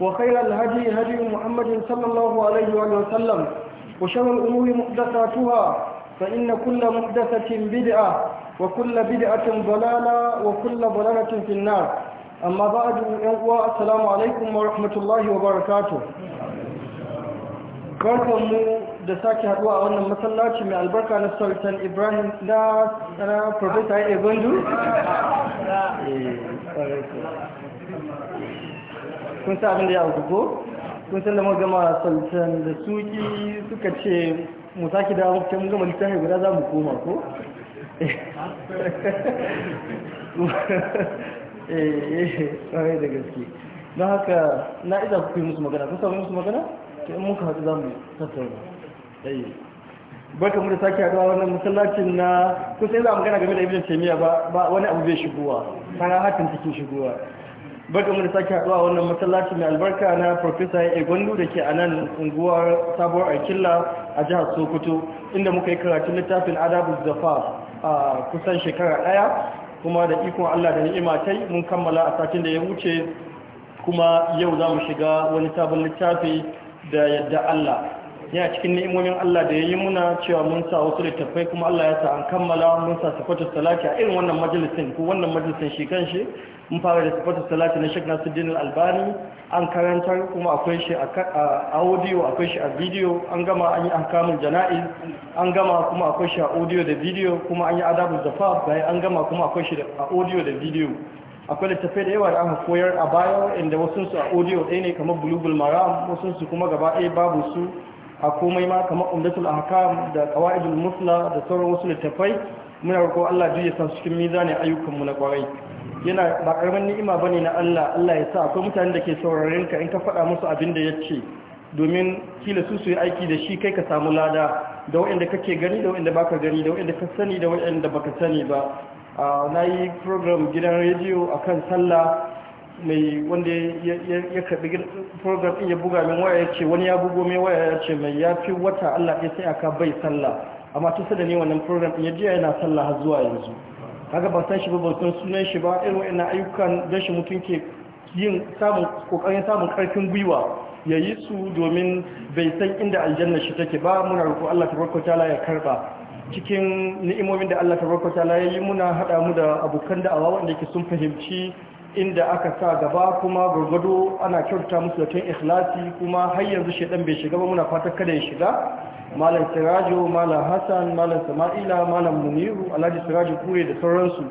وخير الهدي هدي محمد صلى الله عليه وسلم وشر الأمور محدثاتها فإن كل محدثة بدعة وكل بدعة ضلالة وكل ضلالة في النار أما بعد السلام عليكم ورحمة الله وبركاته barkanmu da sake haduwa a wannan masallaci mai albarka na sultan ibrahim na professor ebandu kun sa abin da ya hauku ko kun san da muka gama da suki suka ce mu sake da muka mun gama littafi guda za mu koma ko eh eh, eh da gaske don haka na iza ku musu magana kun samu musu magana to in muka haɗu za mu tattauna eh barka mu da sake haɗuwa wannan musallacin na kun sai za mu magana game da ibi da ba wani abu bai shigowa kana hatin cikin shigowa barkamu da sake haɗuwa wannan masallaci mai albarka na profesa ya gwandu da ke a nan unguwar sabuwar akilla a jihar sokoto inda muka yi karatun littafin adabu zafa a kusan shekara ɗaya kuma da ikon allah da ni'ima tai mun kammala a satin da ya wuce kuma yau za mu shiga wani sabon littafi da yadda allah yana cikin ni'imomin Allah da ya yi muna cewa mun sa wasu littattafai kuma Allah ya sa an kammala mun sa sifatu salati a irin wannan majalisin ko wannan majalisin shi kanshi mun fara da sifatu salati na Sheikh Nasiruddin Al-Albani an karantar kuma akwai shi a audio akwai shi a video an gama an yi ahkamul jana'iz an gama kuma akwai shi a audio da video kuma an yi adabul zafaf bai an gama kuma akwai shi a audio da video akwai littattafai da yawa da aka koyar a baya inda wasu su a audio ɗaya ne kamar bulubul maram wasu su kuma gaba ɗaya babu su a komai ma kamar umdatul ahkam da qawaidul musla da sauran wasu littafai muna roƙo Allah juya ya san cikin mizanin ayyukan mu na kwarai yana ba karamin ni'ima bane na Allah Allah ya sa akwai mutanen da ke sauraron ka in ka faɗa musu abin da yace domin kila su su yi aiki da shi kai ka samu lada da waɗanda kake gani da waɗanda baka gani da waɗanda ka sani da waɗanda baka sani ba ah, na yi program gidan rediyo akan sallah mai wanda ya karbi program ya buga min waya ya ce wani ya bugo mai waya ya ce mai ya fi wata Allah ya sai aka bai sallah amma tun sada ne wannan program ya jiya yana sallah har zuwa yanzu kaga ba san shi ba bautan sunan shi ba irin wa'annan ayyukan don shi mutum ke yin samun kokarin samun karfin gwiwa ya yi su domin bai san inda aljanna shi take ba muna roƙo Allah Ta tabaraka taala ya karba cikin ni'imomin da Allah Ta tabaraka taala ya yi muna haɗa mu da abokan da'awa wanda ke sun fahimci inda aka sa gaba kuma gurgudu ana kyauta musu da tun ikhlasi kuma har yanzu shaidan bai shiga ba muna fatan kada ya shiga malam sirajo malam hassan malam sama'ila malam muniru alhaji sirajo kure da sauransu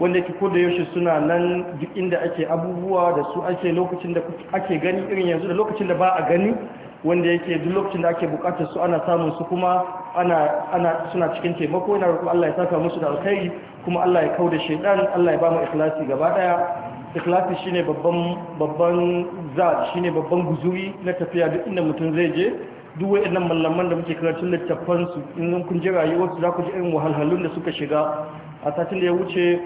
wanda ke ko da yaushe suna nan duk inda ake abubuwa da su ake lokacin da ake gani irin yanzu da lokacin da ba a gani wanda yake duk lokacin da ake bukatar su ana samun su kuma ana ana suna cikin taimako ina roƙo Allah ya saka musu da alkhairi kuma Allah ya kauda shedan Allah ya ba mu ikhlasi gaba daya ikhlasi shine babban babban za shine babban guzuri na tafiya duk inda mutum zai je duk wayannan mallaman da muke karatun littafan su in kun ji rayuwar su za ku ji irin wahalhalun da suka shiga a satin da ya wuce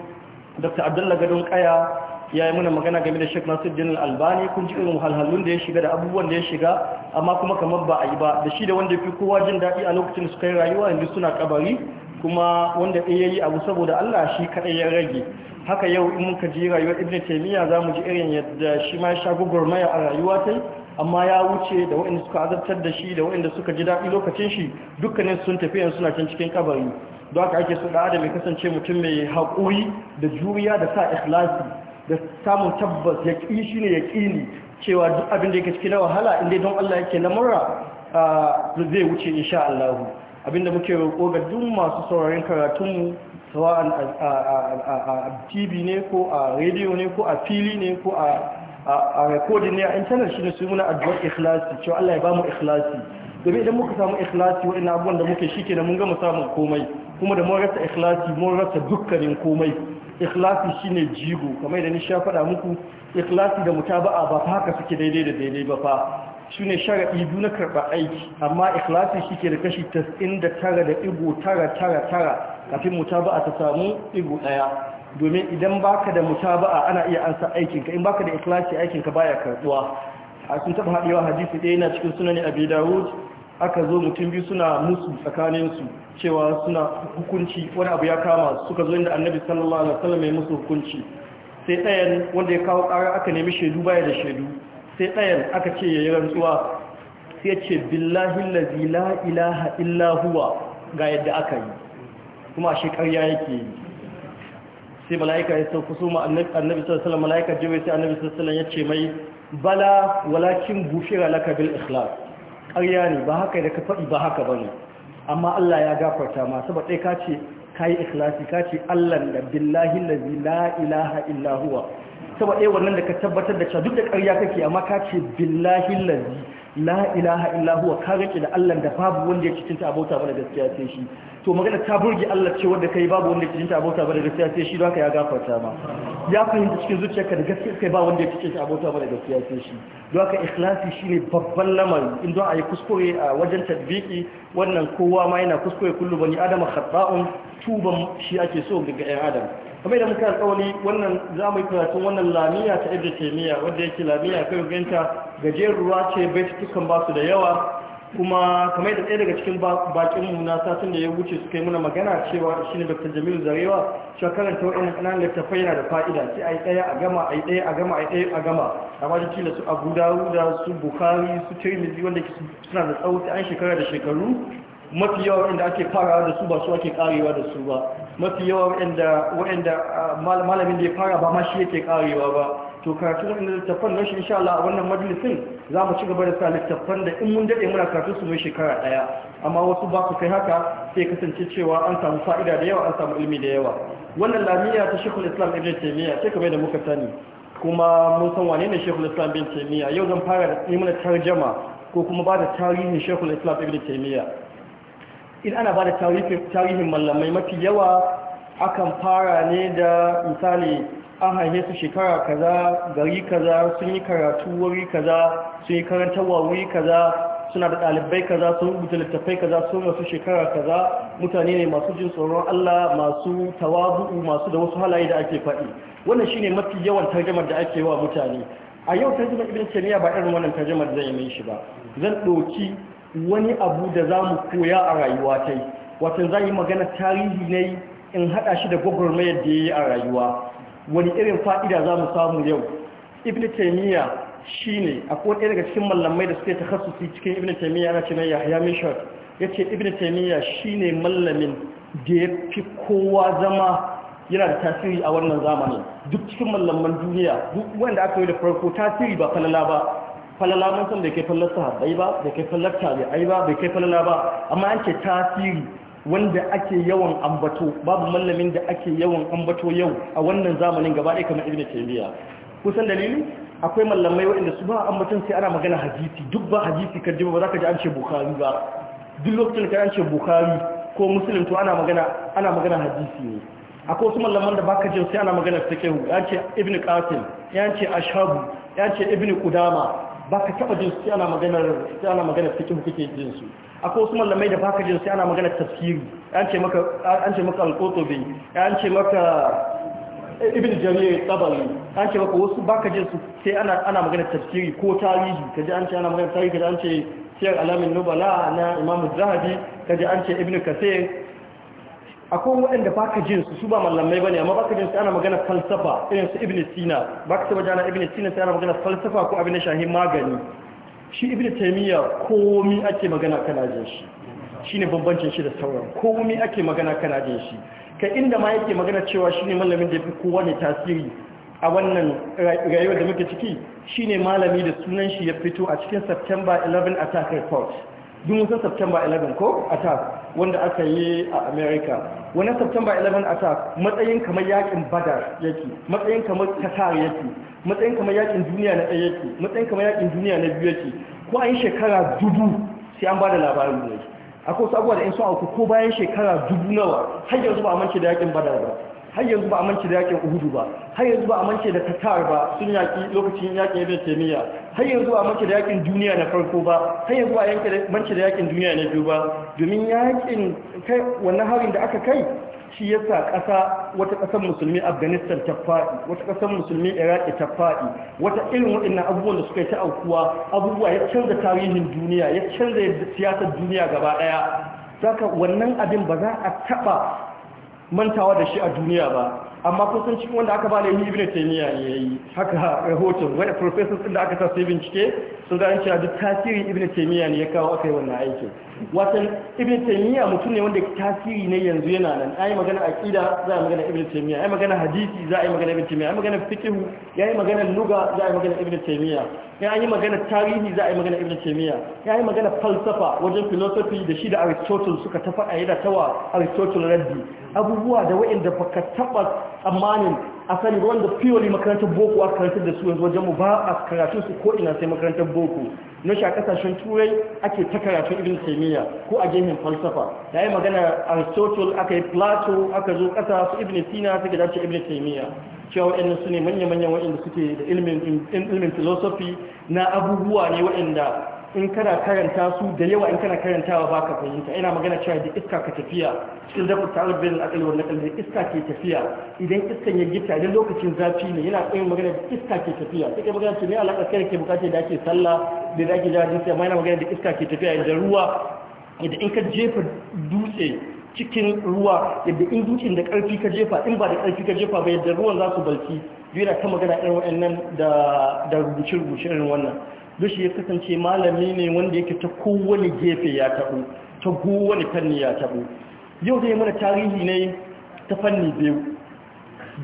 Dr. abdullahi Gadon Kaya ya yi muna magana game da Sheikh Nasiruddin Al-Albani kun ji irin wahalhalun da ya shiga da abubuwan da ya shiga amma kuma kamar ba a yi ba da shi da wanda ya fi kowa jin daɗi a lokacin suka yi rayuwa yanzu suna kabari kuma wanda ɗaya yi abu saboda Allah shi kaɗai ya rage haka yau in muka ji rayuwar ibn taimiyya za mu ji irin yadda shi ma ya sha maya a rayuwa ta amma ya wuce da waɗanda suka azabtar da shi da waɗanda suka ji daɗi lokacin shi dukkanin sun tafi yanzu suna can cikin kabari don haka ake so da adam ya kasance mutum mai haƙuri da juriya da sa ikhlasi da samun tabbas ya ƙi shi ne ya cewa duk abin da yake cikin wahala in dai don Allah yake lamurra ah, zai wuce insha Allah abinda muke roƙo ga duk masu sauraron karatunmu sawa'an a tv ne ko a rediyo ne ko a fili ne ko a rekodin ne a intanet shi ne su muna addu'ar ikhlasi cewa Allah ya bamu mu ikhlasi domin idan muka samu ikhlasi wa'in abubuwan da muke shi kenan mun gama samun komai kuma da mun rasa ikhlasi mun rasa dukkanin komai ikhlasi shine jigo kamar da ni sha muku ikhlasi da mutaba'a ba fa haka suke daidai da daidai ba fa shi ne sharaɗi biyu na karɓar aiki amma ikhlasi shi ke da kashi 99 da igu tara tara tara kafin mutaba'a ta samu igu ɗaya domin idan ba ka da mutaba'a ana iya ansa aikinka in ba ka da ikhlasi aikinka ba ya karɓuwa a sun taɓa haɗewa hadisi ɗaya na cikin sunan a dawud aka zo mutum biyu suna musu tsakaninsu cewa suna hukunci wani abu ya kama suka zo inda annabi sallallahu alaihi wasallam ya musu hukunci sai ɗayan wanda ya kawo ƙara aka nemi shaidu baya da shaidu sai ɗayan aka ce ya yi rantsuwa sai ce billahi lazi la ilaha illahuwa ga yadda aka yi kuma shi ya yake yi sai mala'ika ya sauku su ma annabi sassalin mala'ika jiwai sai annabi sassalin ya ce mai bala walakin bufira laka bil ikhlas ƙarya ne ba haka da ka faɗi ba haka ba ne amma allah ya gafarta ma saboda ɗai ka ce ka yi ikhlasi ka ce Allah da billahi lazi la ilaha illa huwa saboda eh, wannan da ka tabbatar da cewa duk da ƙarya kake amma ka ce billahi lazi la ilaha illa huwa ka rike da Allah da babu wanda ya cikinta abota ba da gaskiya sai shi to magana ta burge Allah ce wanda kai babu wanda ya cikinta abota ba da gaskiya sai shi haka ya gafarta ma ya fahimta cikin zuciyarka da gaskiya kai ba wanda ya cikinta abota ba da gaskiya sai shi don haka ikhlasi shine babban lamari in don a yi kuskure a wajen tadbiki wannan kowa ma yana kuskure kullu bani adam khata'un tuban shi ake so ga ɗan adam kamar da muka alƙawari wannan za mu yi karatun wannan lamiya ta ibn taymiya wanda yake lamiya kai ganta gajeruwa ce bai baitukan ba su da yawa kuma kamar da ɗaya daga cikin bakin mu na satin da ya wuce su kai muna magana cewa shine Dr. Jamilu Zarewa cewa karanta wa'annan ƙananan littafai yana da fa'ida sai yi ɗaya a gama a yi ɗaya a gama a yi ɗaya a gama amma da su Abu Dawud su bukari su Tirmidhi wanda suna da tsawo an shekara da shekaru mafi yawa inda ake farawa da su ba su ake karewa da su ba mafi yawa waɗanda malamin da ya fara ba ma yake karewa ba to karatu waɗanda littattafan na shi insha Allah a wannan majalisin za mu ci gaba da sa littattafan da in mun daɗe muna karatu su mai shekara ɗaya amma wasu ba ku kai haka sai kasance cewa an samu fa'ida da yawa an samu ilimi da yawa wannan lamiya ta shekul islam ibn taimiyya sai kamar da muka sani kuma mun san wane ne shekul islam ibn taimiyya yau zan fara da yi tarjama ko kuma ba da tarihin shekul islam ibn taimiyya in ana ba da tarihin mallamai mafi yawa akan fara ne da misali an haihe su shekara kaza gari kaza sun yi karatu wuri kaza sun yi karantarwa wuri kaza suna da ɗalibai kaza sun rubuta littattafai kaza sun rasu shekara kaza mutane ne masu jin tsoron Allah masu tawabu'u masu da wasu halaye da ake faɗi wannan shine mafi yawan tarjamar da ake wa mutane a yau tarjamar ibn taymiya ba irin wannan tarjamar zai mai shi ba zan ɗauki wani abu da za mu koya a rayuwa ta yi wata za yi magana tarihi ne in haɗa shi da gwagwarmayar da ya yi a rayuwa wani irin fa'ida za mu samu yau ibn taimiyya shi ne a ɗaya daga cikin mallamai da suke ta hasusi cikin ibn taimiyya ana cinai haya mishar ya ce ibn taimiyya shi ne mallamin da ya fi kowa zama yana da tasiri a wannan zamanin duk cikin mallaman duniya duk wanda aka yi da farko tasiri ba falala ba falala mun san bai kai fallar sahabbai ba da ke fallar tabi'ai ba bai kai falala ba amma an ce tasiri wanda ake yawan ambato babu mallamin da ake yawan ambato yau a wannan zamanin gaba ɗaya kamar ibnu taymiya kusan dalili akwai mallamai waɗanda su ba ambaton sai ana magana hadisi duk ba hadisi kan ba za ka ji an ce bukhari ba duk lokacin da an ce bukhari ko muslim to ana magana ana magana hadisi ne akwai wasu mallaman da baka jin sai ana magana fiqh ya ce ibnu qasim ya ce ashabu ya ce ibnu qudama ba ka taɓa jin sai ana magana sai ana magana cikin kake jin su akwai wasu malamai da ka jin sai ana magana tafsiri an ce maka an ce maka al-qutubi an ce maka ibn jarir tabari an ce maka wasu baka jin su sai ana ana magana tafsiri ko tarihi kaje an ce ana magana tarihi kaje an ce siyar alamin nubala na imam zahabi kaje an ce ibn kasir akwai waɗanda ba ka jinsu su ba mallamai ba ne amma ba ka jinsu ana magana falsafa irin su ibn sina ba ka taba jana ibn sina sai ana magana falsafa ko abin da shahi magani shi ibn taimiyya komi ake magana kana jin shi shi ne bambancin shi da sauran komi ake magana kana jin shi ka inda ma yake magana cewa shi ne mallamin da ya fi kowa ne tasiri a wannan rayuwar da muke ciki shi ne malami da sunan shi ya fito a cikin september 11 attack report duk musan september 11 ko attack wanda aka yi a america wannan september 11 attack matsayin kamar yakin badar yake matsayin kamar qatar yake matsayin kamar yakin duniya na ɗaya yake matsayin kamar yakin duniya na biyu yake ko an shekara dubu sai an ba da labarin ne akwai wasu da in sun auku ko bayan shekara dubu nawa har yanzu ba a mance da yakin badar ba har yanzu ba a mance da yakin uhudu ba har yanzu ba a mance da tatar ba sun yaki lokacin yakin ibn taymiya har yanzu ba a mance da yakin duniya na farko ba har yanzu ba a mance da yakin duniya na biyu ba domin yakin kai wannan harin da aka kai shi yasa ƙasa wata ƙasar musulmi afghanistan ta faɗi wata ƙasar musulmi iraki ta faɗi wata irin waɗannan abubuwan da suka yi ta aukuwa abubuwa ya canza tarihin duniya ya canza siyasar duniya gaba ɗaya saka wannan abin ba za a taɓa mantawa da shi a duniya ba amma kusan cikin wanda aka bane ibn taymiya ne yayi haka rahoton wani professor din da aka tafi bincike sun ga an cewa duk tasiri ibn taymiya ne ya kawo akai wannan aikin wato ibn taymiya mutum ne wanda tasiri ne yanzu yana nan ai magana aqida za a magana ibn taymiya ai magana hadisi za a yi magana ibn taymiya ai magana fiqh ya magana lugha za a yi magana ibn taymiya ya yi magana tarihi za a yi magana ibn taymiya ya yi magana falsafa wajen philosophy da shi da aristotle suka tafa a da tawa aristotle raddi abubuwa da wa'anda baka taba tsammanin asali wanda fiyoli makarantar boko a karantar da su yanzu wajen mu ba a karatun su ko ina sai makarantar boko na sha kasashen turai ake ta karatun ibn taymiya ko a gehen falsafa da yi magana aristotle aka yi plato aka zo kasa su ibn sina ta gida ce ibn taimiyya cewa waɗannan su ne manya-manyan waɗanda suke da ilimin filosofi na abubuwa ne da in kana karanta su da yawa in kana karantawa ba ka fahimta ina magana cewa da iska ka tafiya cikin zafi ta arbin akali wani kalli iska ke tafiya idan iskan ya gita idan lokacin zafi ne yana tsayin magana da iska ke tafiya sai kai magana ce ne alaƙa kai ke bukatar da ake sallah da da ake jihar jinsi amma yana magana da iska ke tafiya da ruwa idan in ka jefa dutse cikin ruwa yadda in dutsen da ƙarfi ka jefa in ba da ƙarfi ka jefa ba yadda ruwan za su balki yana ta magana irin waɗannan da rubuce-rubuce irin wannan dushi ya kasance malami ne wanda yake ta kowane gefe ya taɓo ta kowane fanni ya taɓo yau dai mana tarihi ne ta fanni biyu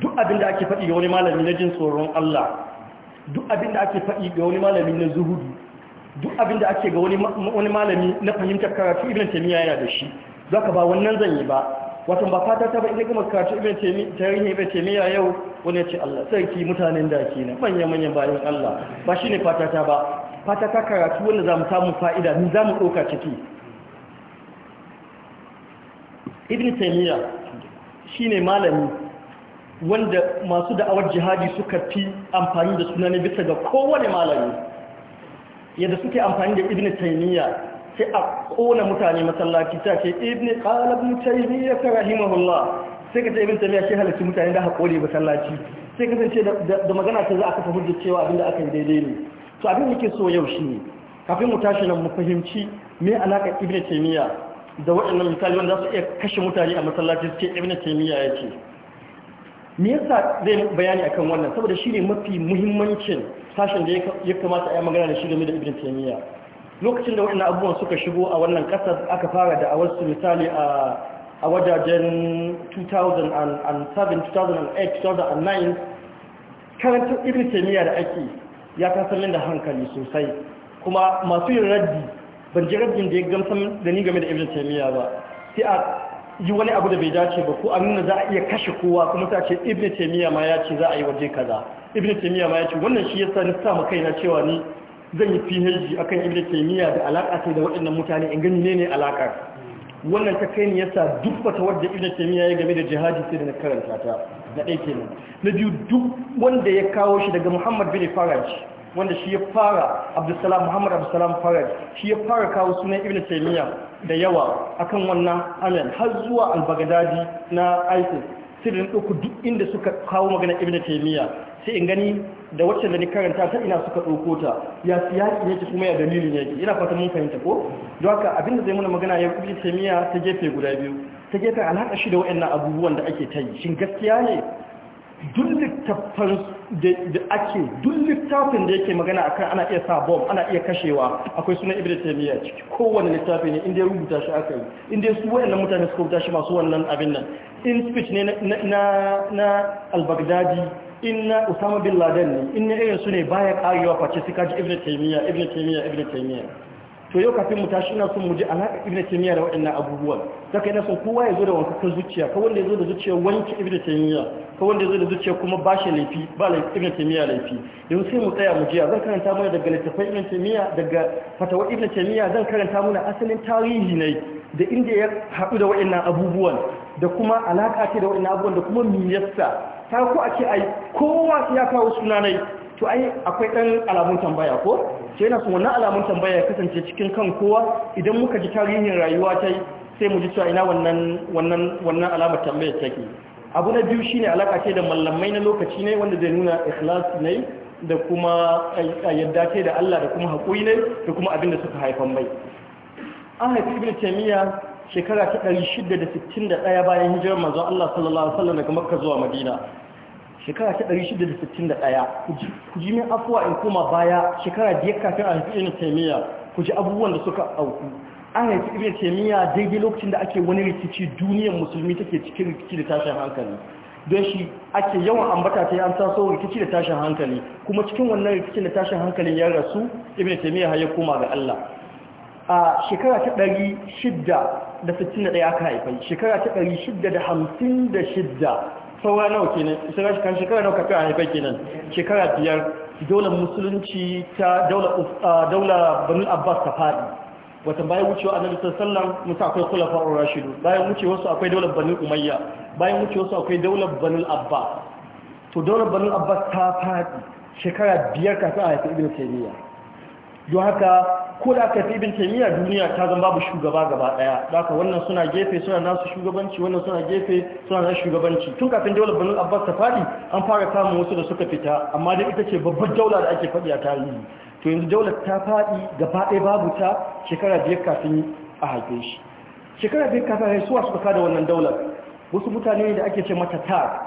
duk abin da ake faɗi ga wani malami na jin tsoron Allah duk abin da ake faɗi ga wani malami na zuhudu duk abin da ake ga wani malami na fahimtar karatu ibn tamiya yana da shi zaka ba wannan zan yi ba watan ba fata ta ba ina kuma karatu ibn temi tarihi ibn ya yau wani ya ce Allah sarki mutanen da ke ne manyan manya bayan Allah ba shine fata ta ba fata ta karatu wanda zamu samu fa'ida ni zamu doka ciki ibn ya shine malami wanda masu da'awar jihadi suka fi amfani da sunan bisa ga kowane malami yadda suke amfani da ibn ya sai a kona mutane masallaci ta ce ibn qala ibn taymiyyah rahimahullah sai ka ce ibn taymiyyah shi halitta mutane da hakuri masallaci sai ka ce da magana ta za a kafa hujjar cewa abinda aka yi daidai ne to abin yake so yau ne kafin mu tashi nan mu fahimci me alaka ibn taymiyyah da waɗannan misali wanda za su iya kashe mutane a masallaci su ce ibn taymiyyah ya ce me yasa zai bayani akan wannan saboda ne mafi muhimmancin sashen da ya kamata a yi magana da shi game da ibn taymiyyah lokacin da wannan abubuwan suka shigo a wannan kasar aka fara da a wasu misali a wajajen 2007 2008 2009 karantar irin taimiyya da ake ya kasarin da hankali sosai kuma masu yin raddi ban ji raddin da ya gamsan da ni game da irin taimiyya ba sai a yi wani abu da bai dace ba ko a nuna za a iya kashe kowa kuma ta ce ibn taimiyya ma ya ce za a yi waje kaza ibn taimiyya ma ya ce wannan shi yasa ni sa mu na cewa ni zan yi phd akan ke da alaƙa sai da waɗannan mutane in gani ne ne alakar wannan ta kai ni yasa duk wata wadda ke ya game da jihadi sai da na karanta ta na ɗaya kenan na biyu duk wanda ya kawo shi daga muhammad bin faraj wanda shi ya fara abdulsalam muhammad abdulsalam faraj shi ya fara kawo sunan ibn taymiya da yawa akan wannan anan har zuwa albagadadi na isis sirrin ɗauku duk inda suka kawo magana ibn taymiya sai in gani da wacce da ni karanta ta ina suka ɗauko ta ya siyaki yake kuma ya dalilin yake ina fata mun fahimta ko don haka abin da zai muna magana ya kuɗi samiya ta gefe guda biyu ta gefen alaƙa shi da waɗannan abubuwan da ake ta yi shin gaskiya ne duk littafin da ake yake magana akan ana iya sa bomb ana iya kashewa akwai sunan ibnu taymiya ciki kowanne littafi ne inda ya rubuta shi aka yi inda su wayannan mutane suka rubuta shi masu wannan abin nan in speech ne na na al-baghdadi inna usama bin laden ne inna irin su ne baya karewa face suka ji ibnu taymiya ibnu taymiya ibnu taymiya to yau kafin mu tashi na sun muji alaƙa ibn taymiya da waɗannan abubuwan kai na son kowa ya zo da wankakan zuciya ka wanda ya zo da zuciya wanki ibn taymiya ka wanda ya zo da zuciya kuma ba shi laifi ba laifi ibn taymiya laifi yanzu sai mu tsaya mu jiya zan karanta mana daga littafin ibn taymiya daga fatawa ibn taymiya zan karanta mana asalin tarihi ne da inda ya haɗu da waɗannan abubuwan da kuma alaƙa ce da waɗannan abubuwan da kuma miyarsa ta ko a ce ai kowa ya kawo suna ne to ai akwai ɗan alamun tambaya ko sai na sun wannan alamun tambaya ya kasance cikin kan kowa idan muka ji tarihin rayuwa ta sai mu ji cewa ina wannan wannan alamar tambayar take abu na biyu shine alaka ce da mallamai na lokaci ne wanda zai nuna ikhlasi ne da kuma yadda ce da Allah da kuma haƙuri ne da kuma abin da suka haifan mai an haifi ibn taymiya shekara ta 661 bayan hijirar manzon Allah sallallahu alaihi wasallam daga Makka zuwa Madina shekara ta 661 ku ji min afuwa in koma baya shekara biyar kafin a haifi ibn ku ji abubuwan da suka auku an haifi ibn taymiya daidai lokacin da ake wani rikici duniyar musulmi take cikin rikici da tashin hankali don shi ake yawan ambata ta yi an taso rikici da tashin hankali kuma cikin wannan rikicin da tashin hankalin ya rasu ibn taymiya har ya koma ga Allah a shekara ta ɗaya aka haifai shekara ta shida. saura nawa kenan kan shekara nawa kafin a haifai kenan shekara biyar daular musulunci ta daular banu abbas ta faɗi wata bayan wucewa annabi sallallahu musa akwai khulafa ar-rashidu bayan wucewa su akwai daular banu umayya bayan wucewa su akwai daular banu abbas to daular banul abbas ta faɗi shekara biyar kafin a haifi ibn taymiya don haka ko da aka fi bin taimiyya duniya ta zama babu shugaba gaba daya daga wannan suna gefe suna nasu shugabanci wannan suna gefe suna nasu shugabanci tun kafin daular banu abbas ta fadi an fara samun wasu da suka fita amma dai ita ce babbar daula da ake faɗi a tarihi to yanzu daular ta fadi gaba ɗaya babu ta shekara biyar kafin a haife shi shekara biyar kafin a haife suwa suka kada wannan daular wasu mutane ne da ake ce mata tar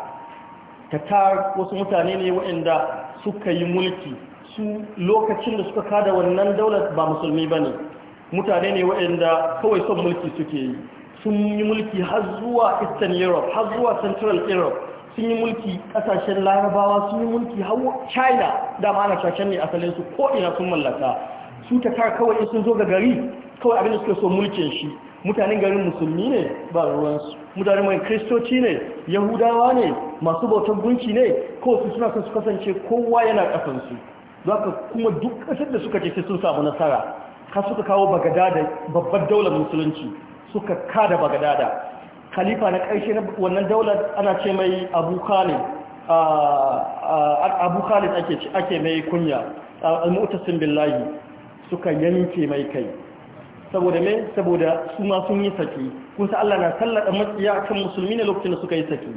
tatar wasu mutane ne waɗanda suka yi mulki su lokacin da suka kada wannan daular ba musulmi ba ne mutane ne waɗanda kawai son mulki suke yi sun yi mulki har zuwa eastern europe har zuwa central europe sun yi mulki ƙasashen larabawa sun yi mulki har china ma ana shashen ne asalinsu ko ina sun mallaka su ta kar kawai sun zo ga gari kawai abin da suke so mulkin shi mutanen garin musulmi ne ba ruwansu Mutane mai kristoci ne yahudawa ne masu bautar gunki ne kawai su suna son su kasance kowa yana su zaka kuma duk kasar da suka ce sun samu nasara ka suka kawo bagada da babbar daular musulunci suka kada da. khalifa na karshe na wannan daular ana ce mai abu khalid ah, ah, abu khalid ake mai kunya ah, al-mu'tasim billahi suka yanke mai kai saboda mai saboda su ma sun yi saki kun sa Allah na sallada matsiya kan musulmi ne lokacin da suka yi saki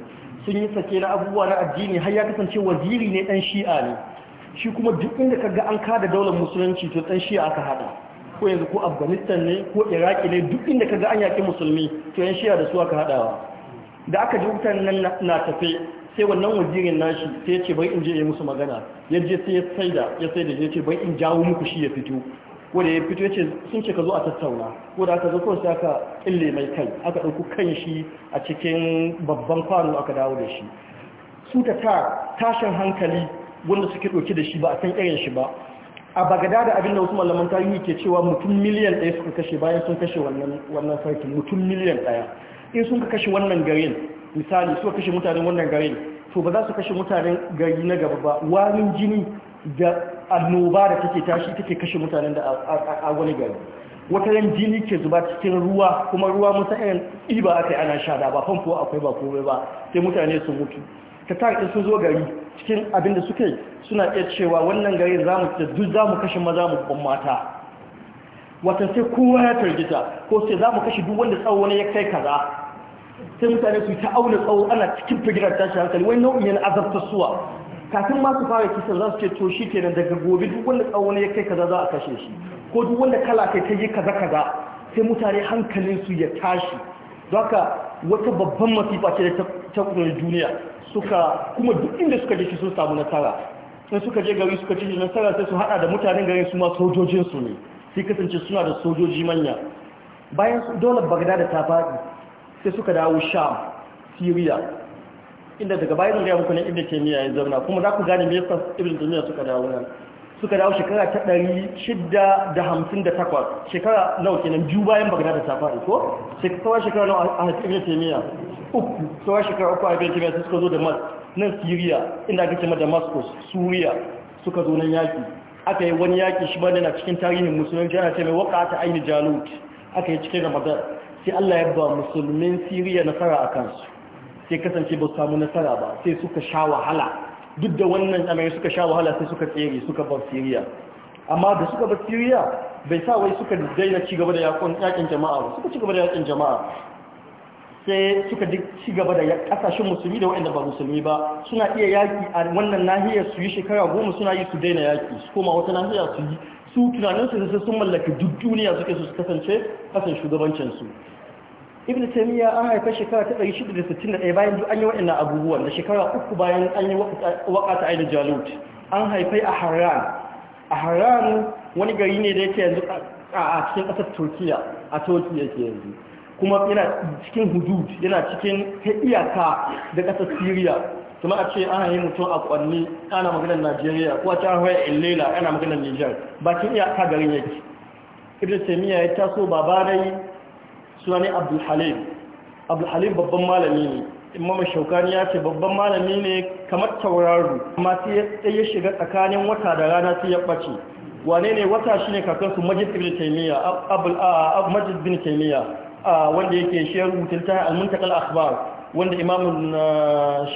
sun yi sake na abubuwa na addini har ya kasance waziri ne dan shi'a ne shi kuma duk inda ka ga an kada daular musulunci to ɗan shi aka hada ko yanzu ko afghanistan ne ko iraki ne duk inda ka ga an yaki musulmi to yan shiya da su aka hadawa da aka ji wutan nan na tafe sai wannan wazirin nashi sai ya ce bai in je ya musu magana ya je sai ya saida ya saida ya ce bai in jawo muku shi ya fito ko da ya fito ya ce sun ce ka zo a tattauna ko da aka zo kawai sai aka kille mai kai aka ɗauki kan shi a cikin babban kwano aka dawo da shi su ta tashin hankali wanda suke ɗauki da shi ba a san irin shi ba a bagada da abin da wasu malaman tarihi ke cewa mutum miliyan ɗaya suka kashe bayan sun kashe wannan sarkin mutum miliyan ɗaya in sun kashe wannan garin misali suka kashe mutanen wannan garin to ba za su kashe mutanen gari na gaba ba warin jini da annoba da take tashi take kashe mutanen da a wani gari wata yan jini ke zuba cikin ruwa kuma ruwa musa irin iba aka yi ana sha da ba famfo akwai ba komai ba sai mutane su mutu ta in sun zo gari cikin abin da suke suna iya cewa wannan gari za mu duk za mu kashe maza mu kuma mata wata sai kowa ya targita ko sai za mu kashe duk wanda tsawo ne ya kai kaza sai mutane su ta auna tsawo ana cikin figirar tashi hankali wani nau'in yana azabta suwa kafin masu fara kisan za su ce to shi kenan daga gobe duk wanda tsawo ne ya kai kaza za a kashe shi ko duk wanda kala kai ta yi kaza kaza sai mutane hankalin su ya tashi don haka wata babban masifa ce da ta duniya suka kuma duk inda suka je sun samu nasara sai suka je gari suka ci nasara sai su hada da mutanen garin su ma sojojin su ne sai kasance suna da sojoji manya bayan su dole da ta faɗi sai suka dawo sham syria inda daga bayan zuriya muku ne ibn taymiya ya zauna kuma za ku gane me yasa ibn taymiya suka dawo nan suka dawo shekara ta ɗari shida da hamsin da takwas shekara nawa kenan biyu bayan bagada da safari ko sauran shekara nawa a haifin taimiyya uku sauran shekara uku a haifin taimiyya su suka zo da mas nan syria inda aka cema damascus suriya suka zo nan yaƙi aka yi wani yaƙi shi ba na cikin tarihin musulunci ana ce mai waka ta aini jalut aka yi cikin ramadan sai allah ya ba musulmin syria nasara a kansu sai kasance ba su samu nasara ba sai suka sha wahala duk da wannan amir suka sha wahala sai suka tsere suka bar siriya amma da suka bar siriya bai sa wai suka daina ci gaba da yakin jama'a suka ci gaba da yakin jama'a sai suka ci gaba da kasashen musulmi da waɗanda ba musulmi ba suna iya yaki a wannan nahiyar su yi shekara goma suna yi su daina yaki su koma wata nahiya su yi su tunaninsu sai sun mallaki duk duniya suke su kasance kasan shugabancinsu ibn taymiya an haifa shekara ta 661 bayan duk an yi wa'annan abubuwan da shekara uku bayan an yi waqata ayin jalut an haifai a haran a haran wani gari ne da yake yanzu a cikin ƙasar turkiya a turkiya yake yanzu kuma yana cikin hudud yana cikin iyaka da ƙasar syria kuma a ce an haifa mutum a kwanni ana maganar najeriya ko a ce an haya illela ana maganar nijar bakin iyaka garin yake ibn taymiya ya taso babanai suna ne abdulhalim abdulhalim babban malami ne imam shaukani ya ce babban malami ne kamar tauraro amma sai ya shiga tsakanin wata da rana sai ya ɓace wane ne wata shi ne kakansu majid ibn taimiyya majid ibn taimiyya wanda yake shi ya rubuta littafin al-muntakal akhbar wanda imam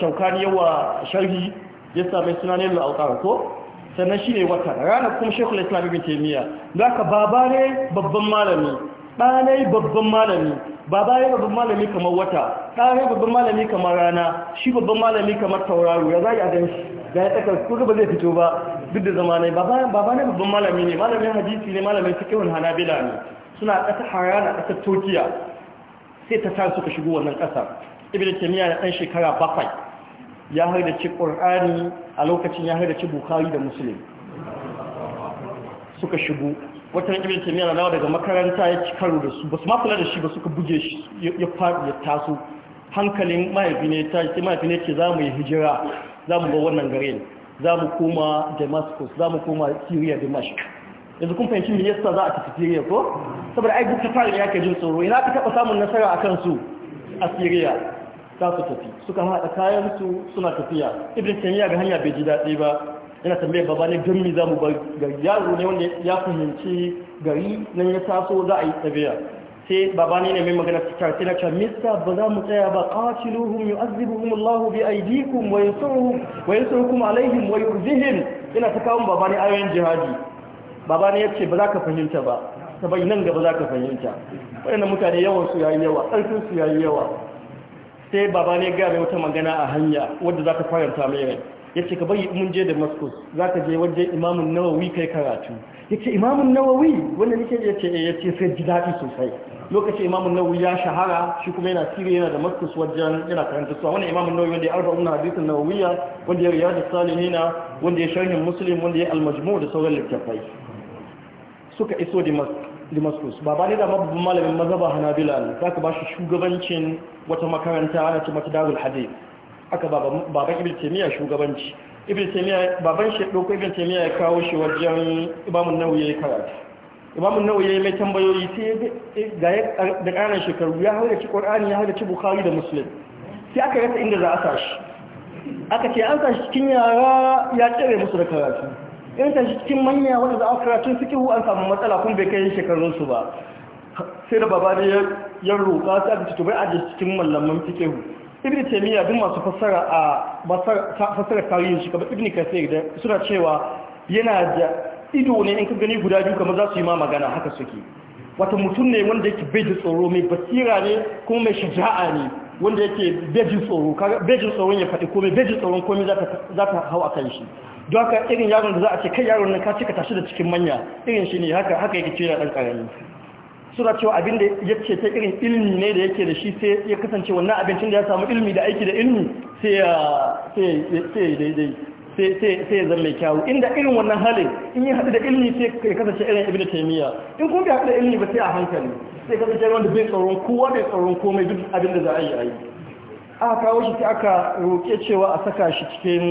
shaukani yawa sharhi ya sami suna ne al ko sannan shi ne wata rana kuma shekul islam bin taimiyya za ka baba ne babban malami ɗanai babban malami ba bayan babban malami kamar wata ɗanai babban malami kamar rana shi babban malami kamar tauraro ya zai a shi da ya tsakar ko ba zai fito ba duk da zamanai ba bayan babban malami ne malamin hadisi ne malamin hana hanabila ne suna ƙasa harana ƙasar turkiya sai ta sa suka shigo wannan ibi da kemiya na ɗan shekara bakwai ya har da ci ƙur'ani a lokacin ya har da ci bukari da Musulmi suka shigo wata ibn taymiya na daga makaranta ya ci karo da su ba su ma kula da shi ba suka buge shi ya faru ya taso hankalin mahaifi ne ta sai mahaifi ne ce za mu yi hijira za mu ga wannan gare za mu koma damascus za mu koma syria damashq yanzu kun fahimci me yasa za a tafi syria ko saboda ai ta fara yake ke jin tsoro ina ka taɓa samun nasara a kansu a syria za su tafi suka haɗa kayan su suna tafiya ibn taymiya ga hanya bai ji daɗi ba yana tambayar baba ne gami za mu bar gari yaro ne wanda ya fahimci gari nan ya taso za a yi tabiya sai baba ne mai magana cikin sai na ce mista ba za mu tsaya ba qatiluhum yu'azzibuhum Allahu bi aydikum wa yansuruhum wa yansurukum alaihim wa yurzihim yana ta kawo baba ne ayoyin jihadi baba ne yace ba za ka fahimta ba ta bai nan gaba za ka fahimta waɗannan mutane yawan su yayi yawa ƙarfin su yayi yawa sai baba ne ga wata magana a hanya wadda za ka faranta mai ya ce ka bari mun je damascus za ka je wajen imamun nawawi kai karatu ya ce imamun nawawi wanda nike ya ce eh, ya ce sai ji daɗi sosai lokacin imamun nawawi ya shahara shi kuma yana siri yana da damascus wajen yana karanta suwa wannan imamun nawawi wanda ya arba umar hadisin nawawiya wanda ya da salihina wanda ya sharhin muslim wanda ya almajmu da sauran littattafai suka iso damascus ba ne da mabban malamin mazaba hanabila ne zaka ba shi shugabancin wata makaranta ana ce mata darul hadith aka baban ibn taymiya shugabanci ibn taymiya baban shi dauko ibn taymiya ya kawo shi wajen imam an-nawawi ya karatu imam an-nawawi mai tambayoyi sai ga da ƙaran shekaru ya haura ci qur'ani ya haura ci bukhari da muslim sai aka rasa inda za a sashi aka ce an sashi cikin yara ya tsere musu da karatu in sashi cikin manya wanda za a suke hu an samu matsala kun bai kai su ba sai da baba ne ya roƙa sai aka ce a cikin mallaman fikihu ibn taymiya bin masu fassara a fassara tarihin shi kamar ibn kasir da suna cewa yana da ido ne in ka gani guda biyu kamar za su yi ma magana haka suke wata mutum ne wanda yake bai da tsoro mai basira ne kuma mai shaja'a ne wanda yake bejin tsoro bejin tsoron ya faɗi komai bejin tsoron komai za ta hau a kan shi don haka irin yaron da za a ce kai yaron nan ka cika tashi da cikin manya irin shi ne haka haka yake cewa ɗan ƙarami suna cewa abin da ya ce ta irin ilmi ne da yake da shi sai ya kasance wannan abincin da ya samu ilmi da aiki da ilmi sai ya ya zama mai kyawu inda irin wannan halin in yi haɗu da ilmi sai ya kasance irin abin da taimiyya in kuma ya haɗu da ilmi ba sai a hankali sai kasance wanda bai tsoron kowa bai tsoron komai duk abin da za a yi a yi A kawo shi sai aka roƙe cewa a saka shi cikin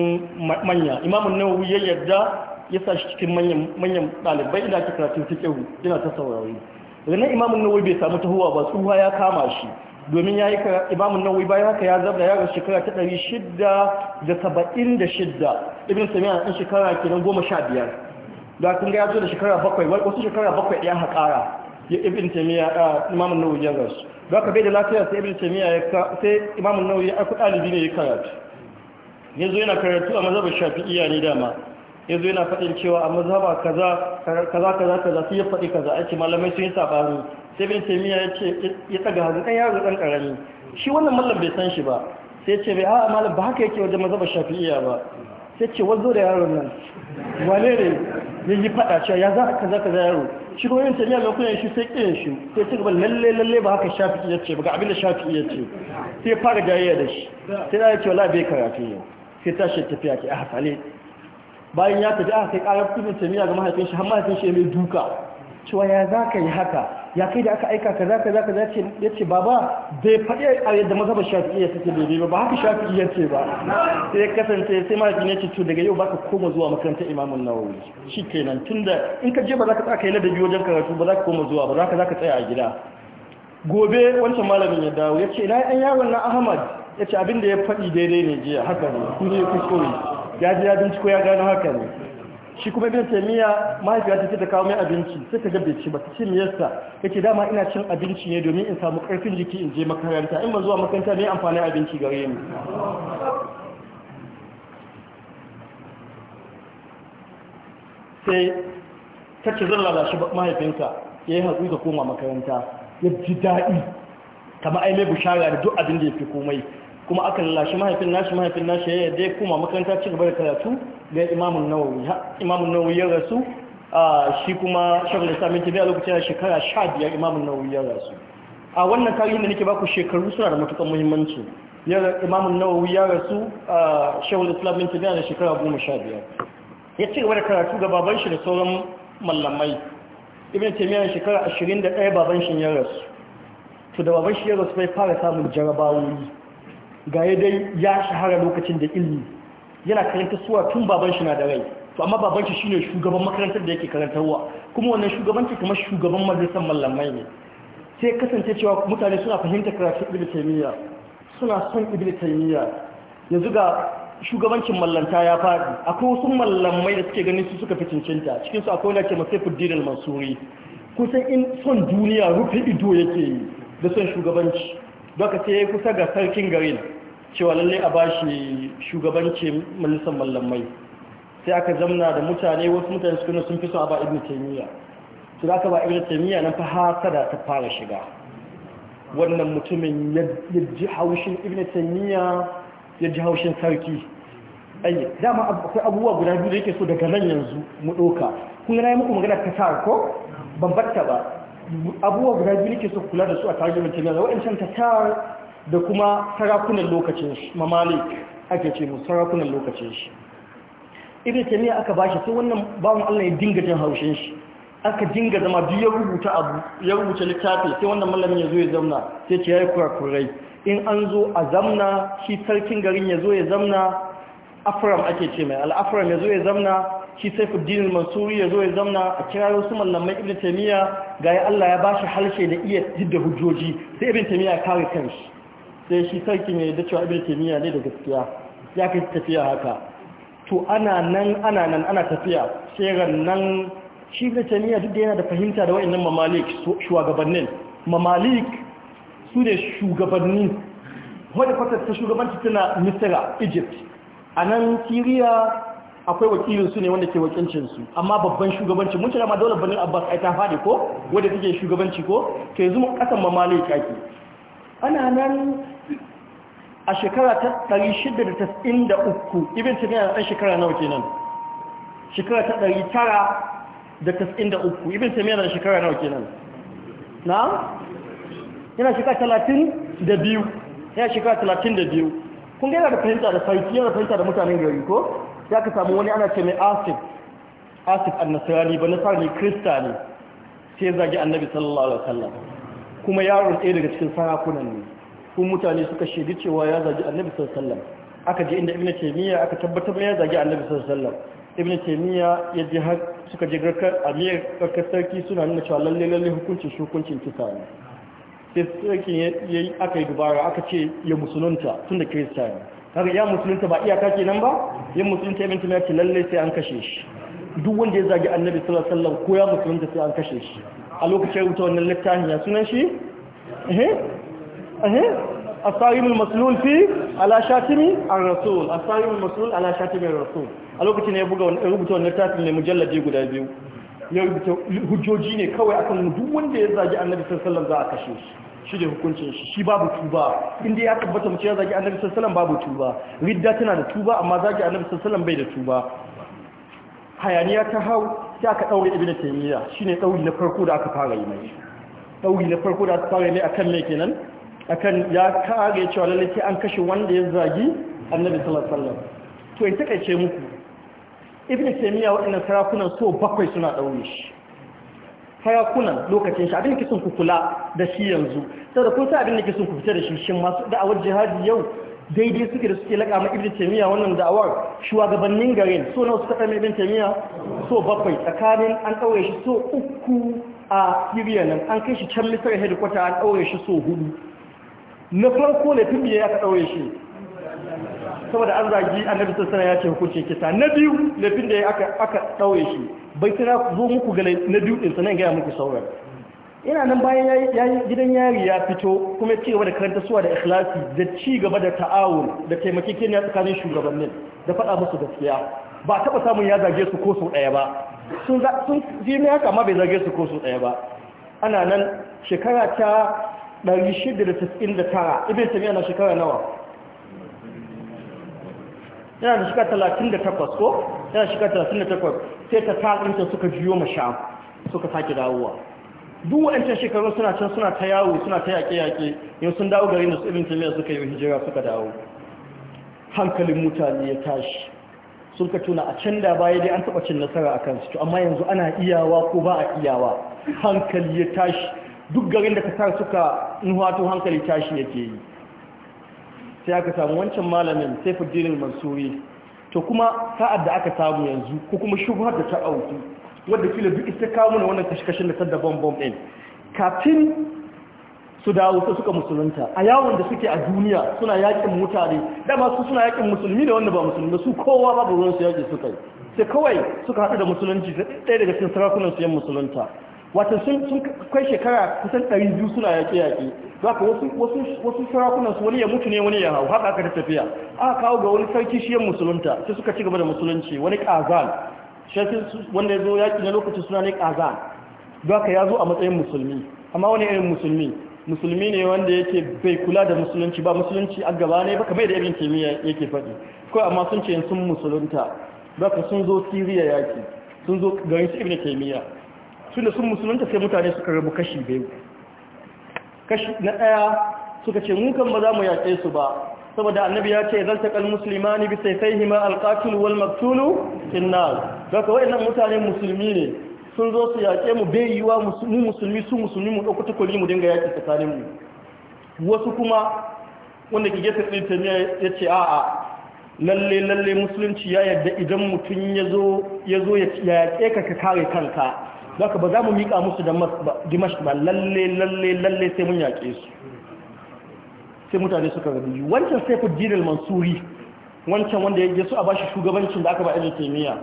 manya imamun nawawi ya yarda ya sa shi cikin manyan ɗalibai inda ake karatun kyau, yana ta saurari ranar imamun nawai bai samu tahowa ba tsuha ya kama shi domin ya yi ka imamun nawai bayan haka ya zaɓa yaron shekara ta ɗari shidda da saba'in da shidda ibn samiya ɗan shekara kenan goma sha biyar da kun ga ya zo da shekara bakwai wasu shekara bakwai ɗaya haƙara ya ibin samiya imamun nawai ya rasu da ka bai da lafiya sai ibin samiya ya sai imamun nawai ya ɗalibi ne ya karatu yanzu yana karatu a mazhabar shafi'iya ne dama yanzu yana faɗin cewa a mazhaba kaza kaza kaza sai ya faɗi kaza aiki malamai sun yi sabani sai bin taimiyya ya ce ya tsaga hannu ɗan yaro ɗan ƙarami shi wannan mallam bai san shi ba sai ce bai a'a malam ba haka yake wajen mazhaba shafi'iyya ba sai ce wanzo da yaron nan wane ne ya yi faɗa cewa ya za a kaza kaza yaro shi kuma yin taimiyya mai kuyan shi sai ƙirin shi sai ci gaba lalle lalle ba haka shafi'i ce ba ga abin da shafi'i ce sai fara jayayya da shi sai na ya ce wala bai karatu yau sai tashi tafiya ke a hasali bayan ya tafi aka kai karar ibn taymiya ga mahaifin shi har mahaifin shi mai duka cewa ya za ka yi haka ya kai da aka aika ka? Za ka ya ce baba bai faɗi a yadda mazhabar shafi'i ya take daidai ba ba haka shafi'i ya ce ba sai kasance sai mahaifin ya ce to daga yau baka koma zuwa makarantar imamun nawawi shi kenan da in ka je ba za ka tsaka yi ladabi wajen karatu ba za ka koma zuwa ba za ka za ka tsaya a gida gobe wancan malamin ya dawo ya ce na yan yaron na ahmad ya ce abin da ya faɗi daidai ne jiya haka ne kun je kuskure ya ji ya binciko ya gano haka ne shi kuma bin miya mahaifiya ta ta kawo mai abinci sai ta gabe ci ta ci miyarsa ce dama ina cin abinci ne domin in samu karfin jiki in je makaranta in ba zuwa makaranta ne amfani abinci gare ni sai ta ce zan lalashi mahaifinka ya yi hatsi ka koma makaranta ya ji daɗi kama ai mai bushara da duk abin da ya fi komai kuma aka lallashi mahaifin nashi mahaifin nashi ya yadda kuma makaranta ci gaba da karatu ga imamun nawawi imamun nawawi ya rasu shi kuma shagul da tabi a lokacin shekara sha biyar imamun nawawi ya rasu a wannan tarihin da nake baku shekaru suna da matukan muhimmanci imamun nawawi ya rasu shagul islamin tabi a shekara goma sha biyar ya ci gaba da karatu ga baban shi da sauran mallamai ibn taimiyar shekara ashirin da ɗaya baban shi ya rasu to da baban shi ya rasu bai fara samun jarabawoyi ga ya dai ya shahara lokacin da ilmi yana karanta suwa tun baban shi na da rai to amma baban shi shine shugaban makarantar da yake karantarwa kuma wannan shugabanci kamar shugaban majalisar mallamai ne sai kasance cewa mutane suna fahimta karatu ibnu taymiya suna son ibnu taymiya yanzu ga shugabancin mallanta ya fadi akwai wasu mallamai da suke ganin su suka fi cincinta cikin su akwai wanda ke fuddin al-mansuri kusan in son duniya rufe ido yake yi da son shugabanci baka sai ya kusa ga sarkin garin cewa lalle a bashi shugabanci malisan mallamai sai aka zamna da mutane wasu mutane kuna sun fi son a ba ibn taymiya to da aka ba ibn taymiya nan haka hasada ta fara shiga wannan mutumin ya ji haushin ibn taymiya ya ji haushin sarki ayi dama akwai abubuwa guda biyu da yake so daga nan yanzu mu doka kun ga na yi muku magana sa ko ban batta ba abubuwa guda biyu nake so kula da su a tarjumar kimiyya da ta tatar da kuma sarakunan lokacin shi mamalik ake ce mu sarakunan lokacin shi ta niya aka bashi sai wannan bawon Allah ya dinga jin haushin shi aka dinga zama duk ya rubuta abu ya rubuta littafi sai wannan malamin ya zo ya zamna sai ce yayi kurakurai in an zo a zamna shi sarkin garin ya zo ya zamna afram ake ce mai al'afram ya zo ya zamna shi dinin mansuri ya zo ya zamna a kira wasu mallamai ibn taimiyya. ga Allah ya bashi harshe da iya jidda hujjoji sai ibn taymiya kare kanshi sai shi sarkin ya yadda cewa ibn taimiyya ne da gaskiya ya kai tafiya haka to ana nan ana nan ana tafiya sai nan shi ibn taimiyya duk da yana da fahimta da wayannan mamalik shugabannin mamalik su ne shugabanni wadda kwatar ta shugabanci tana misira egypt a nan syria akwai wakilin su ne wanda ke wakilcin su amma babban shugabanci mun cewa ma dole bani abbas ai ta fadi ko wanda take shugabanci ko to yanzu mun kasan mamali kaki ana nan a shekara ta 693 ibn taymiya dan shekara nawa kenan shekara ta 993 ibn taymiya a shekara nawa kenan na yana shekara 32 yana shekara 32 kun ga yana da fahimta da sarki yana da fahimta da mutanen gari ko ya ka samu wani ana ce mai asif asif annasirani ba nasara ne krista ne sai zagi annabi sallallahu alaihi wasallam kuma yaron ɗaya daga cikin sarakunan ne kuma mutane suka shaidu cewa ya zagi annabi sallallahu alaihi wasallam aka je inda ibnu taymiya aka tabbatar ya zagi annabi sallallahu alaihi wasallam ibnu taymiya ya ji har suka je garkar amir garkar sarki suna nuna cewa lalle lalle hukuncin shi hukuncin kisa ne sai Sarki ya aka yi dubara aka ce ya musulunta tun da kirista kaga ya musulunta ba iyaka kenan ba yin musulunta ibn tumiya ce lalle sai an kashe shi duk wanda ya zagi annabi sallallahu alaihi wasallam ko ya musulunta sai an kashe shi a lokacin rubuta wannan littafin ya sunan shi eh eh fi ala shatimi ar-rasul الرسول الصائم ala shatimi ar-rasul a lokacin ya buga rubuta wannan littafin ne mujalladi guda biyu ya rubuta hujjoji ne kawai akan duk wanda ya zagi annabi sallallahu alaihi wasallam za a kashe shi shi da hukuncin shi shi babu tuba inda ya tabbata mu ya zagi annabi sallallahu alaihi babu tuba ridda tana da tuba amma zaki annabi sallallahu bai da tuba hayaniya ta hau sai aka daure ibnu taymiya shine dauri na farko da aka fara yi mai dauri na farko da aka fara yi mai akan me kenan akan ya kare cewa lalle sai an kashe wanda ya zagi annabi sallallahu alaihi to in takaice muku ibnu taymiya waɗannan sarakunan so bakwai suna daure shi hayakunan lokacin shi abin da kisun ku kula da shi yanzu sai da kun sa abin da kisun ku fita da shi shin masu da'awar jihadi yau daidai suke da suke laƙa ma ibn taymiya wannan da'awar shugabannin garin so nawa suka tsame ibn taymiya so bakwai tsakanin an ɗaure shi so uku a Syria nan an kai shi can misar headquarter an ɗaure shi so hudu na farko ne fiye ya ka ɗaure shi saboda an zagi annabi sassana ya ce hukuncin kisa na biyu laifin da ya aka ɗauye shi bai tana zo muku ga na biyu din sanan gaya muku sauran ina nan bayan yayi gidan yari ya fito kuma ya gaba da karanta suwa da ikhlasi da ci gaba da ta'awun da taimakekeniya tsakanin shugabannin da faɗa musu gaskiya ba taɓa samun ya zage su ko sau ɗaya ba sun ji mai haka amma bai zage su ko sau ɗaya ba ana nan shekara ta 699 ibn tamiya na shekara nawa yana da shiga 38 ko yana shiga 38 sai ta talinta suka jiyo masha suka sake dawowa duk wancan shekaru suna can suna ta yawo suna ta yaƙe-yaƙe yau sun dawo garin da su ibn tamiya suka yi hijira suka dawo hankalin mutane ya tashi sun ka tuna a can da baya dai an taɓa cin nasara a kan su amma yanzu ana iyawa ko ba a iyawa hankali ya tashi duk garin da sa suka nuhato hankali tashi yake yi sai aka samu wancan malamin sai fujilin mansuri to kuma sa'ad da aka samu yanzu ko kuma shubhar da ta auki wadda kila duk ita kawo mana wannan kashkashin da sadda bom-bom ɗin kafin su dawo su suka musulunta a yawon da suke a duniya suna yakin mutane dama su suna yakin musulmi da wanda ba musulmi su kowa babu ruwan su yaki suka sai kawai suka haɗu da musulunci da ɗaya daga cikin sarakunan su yan musulunta wata sun kai shekara kusan 200 suna yaƙe-yaƙe za ka wasu sarakunan su wani ya mutu ne wani ya hau haka aka tafiya aka kawo ga wani sarki shi yin musulunta sai suka ci gaba da musulunci wani ƙazan shafin wanda ya zo yaƙi na lokacin suna ne ƙazan za ka ya zo a matsayin musulmi amma wani irin musulmi musulmi ne wanda yake bai kula da musulunci ba musulunci a gaba ne ba kamar da irin kimiyya yake faɗi kawai amma sun ce sun musulunta za ka sun zo siriya yaƙi sun zo garin su ibn kimiyya su da sun musulunta sai mutane suka rabu kashi biyu kashi na ɗaya suka ce mukan ba za mu yace su ba saboda annabi ya ce zan taƙal musulmani bi sai sai hima alƙatul wal maktulu finnar daga waɗannan mutane musulmi ne sun zo su yace mu bai yiwa mu musulmi su musulmi mu ɗauki takwali mu dinga yaƙi mu. wasu kuma wanda ke gefe ne ya ce a'a lalle lalle musulunci ya yarda idan mutum ya zo ya yaƙe ka ka kare kanka zaka ba za mu miƙa musu da dimash ba lalle lalle lalle sai mun yaƙe su sai mutane suka gani wancan sai ku al-mansuri wancan wanda ya su a bashi shugabancin da aka ba ibn taymiya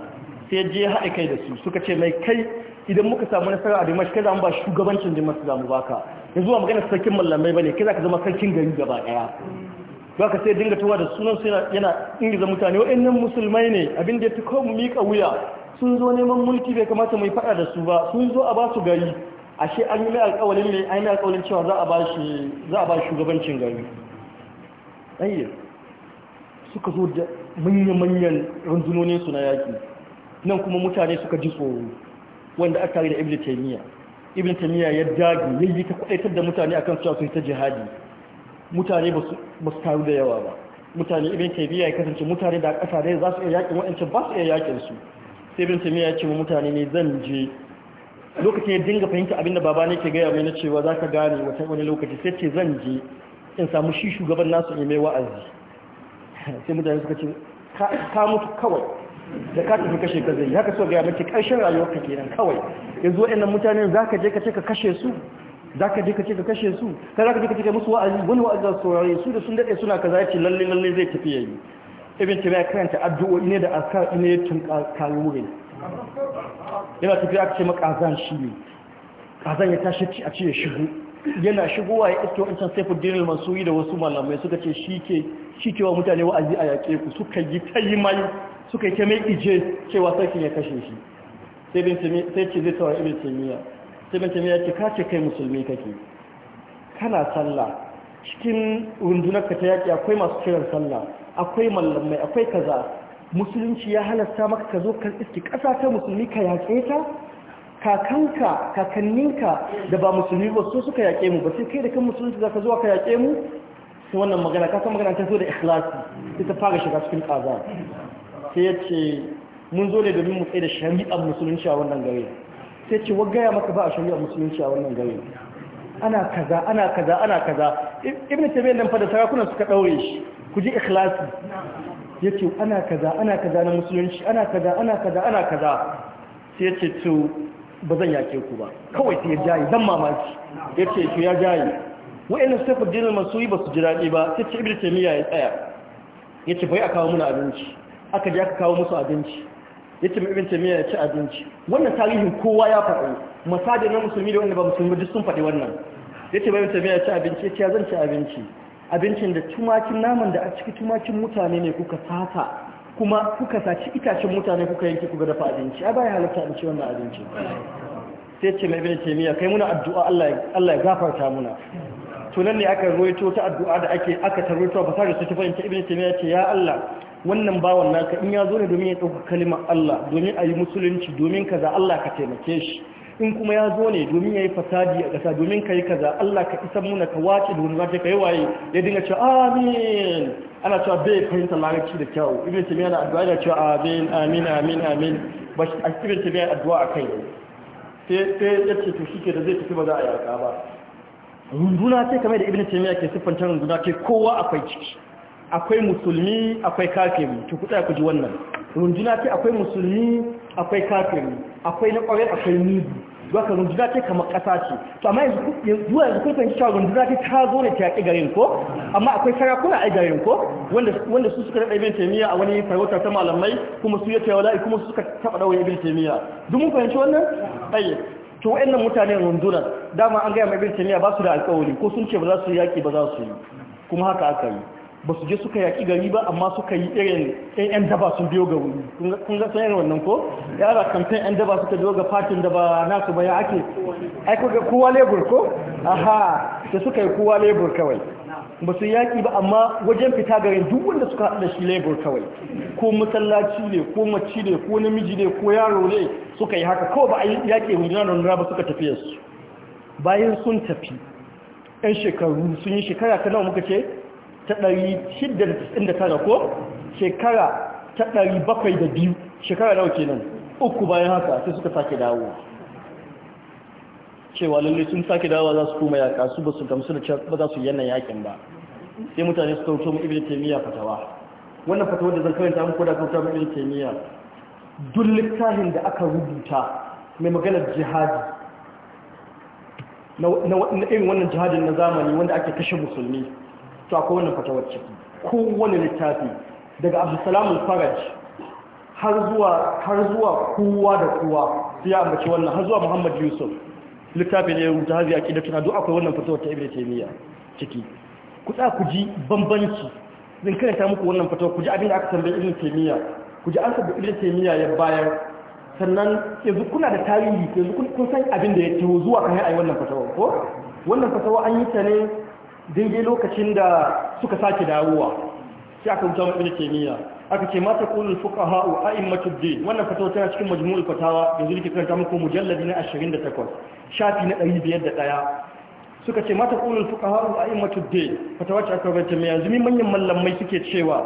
sai je haɗe kai da su suka ce mai kai idan muka samu nasara a dimash kai za mu ba shugabancin dimash za mu baka yanzu ba magana sarkin mallamai bane kai za ka zama sarkin gari gaba ɗaya baka sai dinga tuwa da sunan su yana ingiza mutane wa'annan musulmai ne abin da ya ta kawo mu miƙa wuya sun zo neman mulki bai kamata mai faɗa da su ba sun zo a ba su gari ashe an yi mai alƙawalin mai yi alƙawalin cewa za a ba shugabancin gari ɗanye suka zo da manya-manyan su na yaƙi nan kuma mutane suka ji tsoro wanda aka yi da ibn taymiya ibn taymiya ya dage yi ta kwadaitar da mutane akan cewa sun ta jihadi mutane ba su taru da yawa ba mutane ibn taymiya ya kasance mutane da ƙasa dai za su iya yaƙin waɗancan ba su iya yaƙin su sai bin tamiya ya ce mutane ne zan je lokacin ya dinga fahimta abinda baba ne ke gaya mai na cewa za ka gane wata wani lokaci sai ce zan je in samu shi shugaban nasu ne mai wa'azi sai mutane suka ce ka mutu kawai da ka tafi kashe ka zai haka so gaya mace ƙarshen rayuwar ka kenan kawai yanzu waɗannan mutane za ka je ka ce ka kashe su za ka je ka ce ka kashe su ka za ka je ka ce ka musu wa'azi wani wa'azi za su saurare su da sun daɗe suna kaza ya ce lalle lalle zai tafi yayi ibn tabiya karanta addu'o'i ne da azkar ne tun tunka wurin yana tafiya aka ce makazan shi ne kazan ya tashi ci a ce ya shigo yana shigowa ya iske wancan saifuddin masu mansuri da wasu malamai suka ce shi ke wa mutane wa'azi a yaƙe ku suka yi ta yi mai suka yi ta mai ije cewa sarkin ya kashe shi sai ce zai tsawon ibn taimiyya sai ibn taimiyya ce kace kai musulmi kake kana sallah cikin rundunar ka ta yaƙi akwai masu kiran sallah akwai mallamai akwai kaza musulunci ya halasta maka ka zo kan iski ƙasa ta musulmi ka yaƙe ta kakanka kakanninka da ba musulmi ba su suka yaƙe mu ba sai kai da kan musulunci za ka zo ka yaƙe mu su wannan magana ka san magana ta zo da ikhlasi sai ta fara shiga cikin kaza sai ya ce mun zo ne domin mu tsaye da shari'ar musulunci a wannan gare sai ce wagaya maka ba a shari'ar musulunci a wannan gare ana kaza ana kaza ana kaza ibn tabiyyar nan fa da sarakunan suka daure shi ku ji ikhlasi yace ana kaza ana kaza na musulunci ana kaza ana kaza ana kaza sai yace to ba zan yake ku ba kawai sai ya jayi dan mamaki yace to ya jayi wa'annan safuddin masu yi ba su ji daɗi ba sai ce ibnu taymiya ya tsaya yace bai a kawo muna abinci aka je aka kawo musu abinci yace mai ibnu taymiya ya ci abinci wannan tarihin kowa ya faɗi masadi na musulmi da wanda ba musulmi duk sun faɗi wannan yace mai ibnu taymiya ya ci abinci yace ya zan ci abinci abincin da tumakin naman da a ciki tumakin mutane ne kuka sata kuma kuka saci itacen mutane kuka yanke kuka dafa abinci a baya halitta abinci wannan abinci sai ce mai binci miya kai muna addu'a Allah ya gafarta muna tunan ne aka roito ta addu'a da ake aka tarwaito ba sai su fahimta ibn taymiya ce ya Allah wannan bawan naka in ya zo ne domin ya ɗauka kalimar Allah domin yi musulunci domin kaza Allah ka taimake shi in kuma ya zo ne domin ya yi fasadi a ƙasa domin ka yi kaza Allah ka isan muna ka wace da wani zafi ka yi waye ya dinga cewa amin ana cewa bai fahimta larabci da kyau ibn tabiya na addu'a ya cewa amin amin amin amin ba shi a ibn tabiya addu'a a kai sai ya ce to shi ke da zai tafi ba za a yarka ba runduna sai kamar da ibn tabiya ke can runduna ke kowa akwai ciki akwai musulmi akwai kafiri to kuɗa ku ji wannan runduna ce akwai musulmi akwai kafiri akwai na ƙwarai akwai nibi zuwa ka runduna ce kamar ƙasa ce to amma yanzu zuwa yanzu kun fahimci cewa runduna ta ta zo ne ta yaƙi garin ko amma akwai sarakuna a garin ko wanda su suka raɗa ibn taymiya a wani farauta ta malamai kuma su ya tayawala kuma su suka taɓa ɗaure ibn taymiya duk mun fahimci wannan ɗaya to waɗannan mutanen rundunar dama an gaya mai ibn taymiya ba su da alƙawari ko sun ce ba za su yaƙi ba za su yi kuma haka aka yi ba su je suka yaƙi gari ba amma suka yi irin yan daba sun biyo ga wuri kun ga sanar wannan ko ba kamfen yan daba suka biyo ga fatin da ba nasu ba ya ake aiko kowa lebur ko aha da suka yi kowa lebur kawai ba su yaƙi ba amma wajen fita garin duk wanda suka haɗa shi lebur kawai ko masallaci ne ko mace ne ko namiji ne ko yaro ne suka yi haka ko ba a yaƙi rundunar ba suka tafi su bayan sun tafi 'yan shekaru sun yi shekara ta nawa muka ce ta ɗari da da 699 ko shekara ta ɗari bakwai da biyu. shekara nawa kenan uku bayan haka sai suka sake dawo cewa lalle sun sake dawo za su kuma yaƙa su ba su gamsu da ba za su yana yakin ba sai mutane su kauto mu ibnu taymiya fatawa wannan fatawar da zan karanta muku da kauta mu ibnu taymiya duk littafin da aka rubuta mai maganar jihadi na irin wannan jihadin na zamani wanda ake kashe musulmi to akwai wannan fatawar ciki kowane littafi daga abdulsalamun faraj har zuwa har zuwa kowa da kowa sai ya ambaci wannan har zuwa muhammad yusuf littafi ne rubuta hazi a kidatu na akwai wannan fatawar ta ibnu taymiya ciki ku tsaya ku ji bambanci zan karanta muku wannan fatawar ku ji abin da aka tambaye ibnu taymiya ku ji ansa da ibnu taymiya ya bayar sannan yanzu kuna da tarihi yanzu kun san abin da ya taho zuwa kan yi a yi wannan fatawar ko wannan fatawa an yi ta ne dingi lokacin da suka sake dawowa sai aka wuta mai kimiyya aka ce mata kulul fuqaha wa a'immatud din wannan fatawa tana cikin majmu'ul fatawa yanzu nake karanta muku mujallad na 28 shafi na 501 suka ce mata kulul fuqaha wa a'immatud din fatawa ce aka rubuta mai yanzu manyan mallamai suke cewa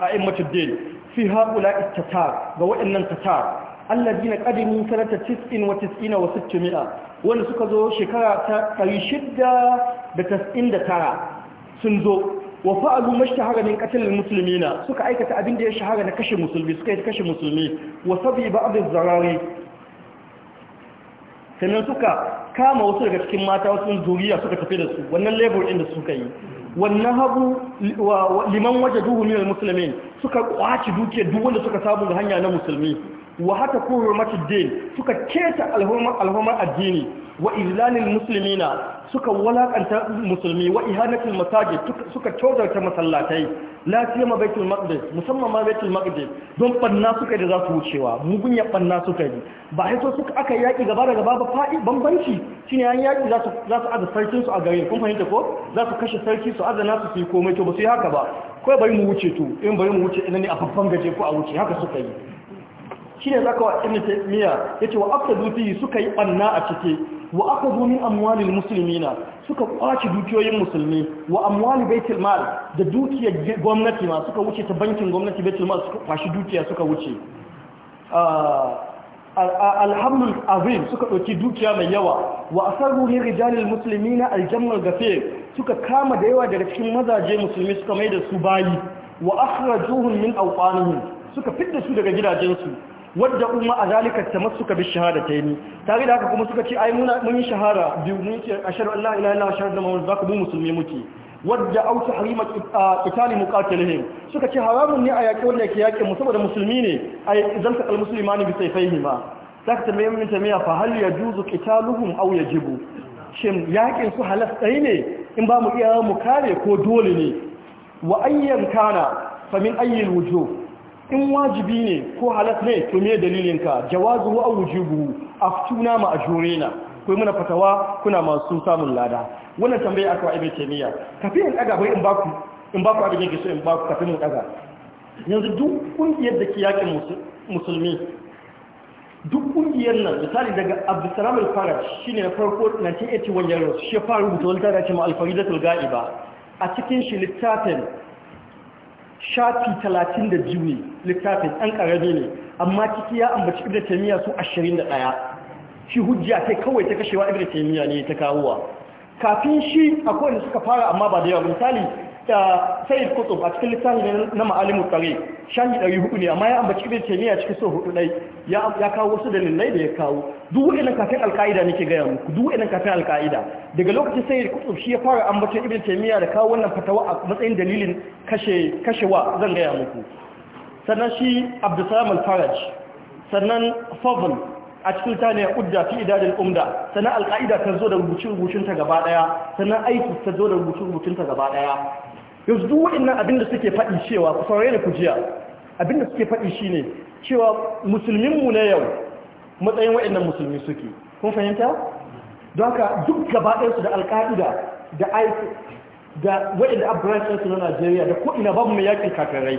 a'immatud din fi haula ittata ga waɗannan tatar alladina qadimu sanata 99 wa 600 wanda suka zo shekara ta 699 sun zo wa fa'alu mashtahara ƙasar musulmi na suka aikata abin da ya shahara na kashe musulmi suka yi kashe musulmi wa sabi ba abin zarari sannan suka kama wasu daga cikin mata wasu zuriya suka tafi da su wannan labor inda suka yi wannan habu liman waje duhu ne musulmi suka kwaci duke duk wanda suka samu ga hanya na musulmi wa haka kurmatul din suka keta alhurma addini wa izlalil musulmina suka walakanta musulmi wa ihanatul masajid suka tozarta masallatai la siyama baitul maqdis musamman ma baitul maqdis don banna suka da za su wucewa mugun ya banna suka yi ba sai so suka aka yaki gaba da gaba ba fa'i bambanci shine an yaki za su za su aza sarkin su a garin kun fahimta ko za su kashe sarki su aza azana su su komai to ba su yi haka ba ko bari mu wuce to in bari mu wuce ina ne a babban gaje ko a wuce haka suka yi shine zaka wa ibn taymiya yace wa afsadu fi suka yi banna a cike wa akhadhu min amwalil muslimina suka kwaci dukiyoyin musulmi wa amwali baitul mal da dukiyar gwamnati ma suka wuce ta bankin gwamnati baitul mal suka kwashi dukiya suka wuce alhamdul azim suka ɗauki dukiya mai yawa wa asarru ne rijalil musulmi na aljammal gafe suka kama da yawa daga cikin mazaje musulmi suka mai da su bayi wa akhrajuhum min awqanihim suka fitta su daga gidajensu wadda umma a zalika tamassuka bi ni. tare da haka kuma suka ce ai muna mun yi shahara biyu mun ce ashhadu an la ilaha illallah ashhadu anna muhammadan zaka bu musulmi muke wadda au tahrima qitali muqatilihim suka ce haramun ne a yaƙi wanda yake yake mu saboda musulmi ne ai zalta al muslimani bi sayfaihi ma zaka tambaye mun tambaya fa hal yajuzu qitaluhum aw yajibu shin yakin su halas dai ne in ba mu iya mu kare ko dole ne wa ayyan kana fa min ayyil wujuh in wajibi ne ko halas ne to me dalilinka jawazu wa wujubu aftuna ma ajurina ko muna fatawa kuna masu samun lada wannan tambaya aka ibe kemiya kafin in daga bai in baku in baku abin yake so in baku kafin mu daga yanzu duk kungiyar da ke yakin musulmi duk kungiyar nan misali daga abdulsalam al-faraj shine na farko 1981 yaro shi ya fara rubuta wani tarihi ma al-faridatul ga'iba a cikin shi littafin shafi talatin da biyu ne littafin ɗan ƙarami ne amma ciki ya ambaci ibn taimiyya su ashirin da ɗaya shi hujja sai kawai ta kashewa ibn taimiyya ne ta kawowa kafin shi akwai wanda suka fara amma ba da yawa misali ta sai kutub a cikin littafin na ma'alimu tare shahi ɗari hudu ne amma ya ambaci ibn taymiya cikin so hudu dai ya kawo wasu dalilai da ya kawo duk wa'annan kafin alƙa'ida nake gaya muku duk wa'annan kafin alƙa'ida daga lokacin sai kutub shi ya fara ambacin ibn taymiya da kawo wannan fatawa a matsayin dalilin kashe kashewa zan gaya muku sannan shi abdusalam al-faraj sannan fadl a cikin ta ne udda fi idadin umda sannan alƙa'ida ta zo da rubucin rubucin ta gaba ɗaya sannan aiki ta zo da rubucin rubucin ta gaba daya yanzu duk waɗannan abin da suke faɗi cewa ku saurare da kujiya abin da suke faɗi shine cewa musulminmu na yau matsayin waɗannan musulmi suke kun fahimta don haka duk gaba su da alƙa'ida da aiki da abubuwan abrancin na Najeriya da ko ina babu mai yakin kakarai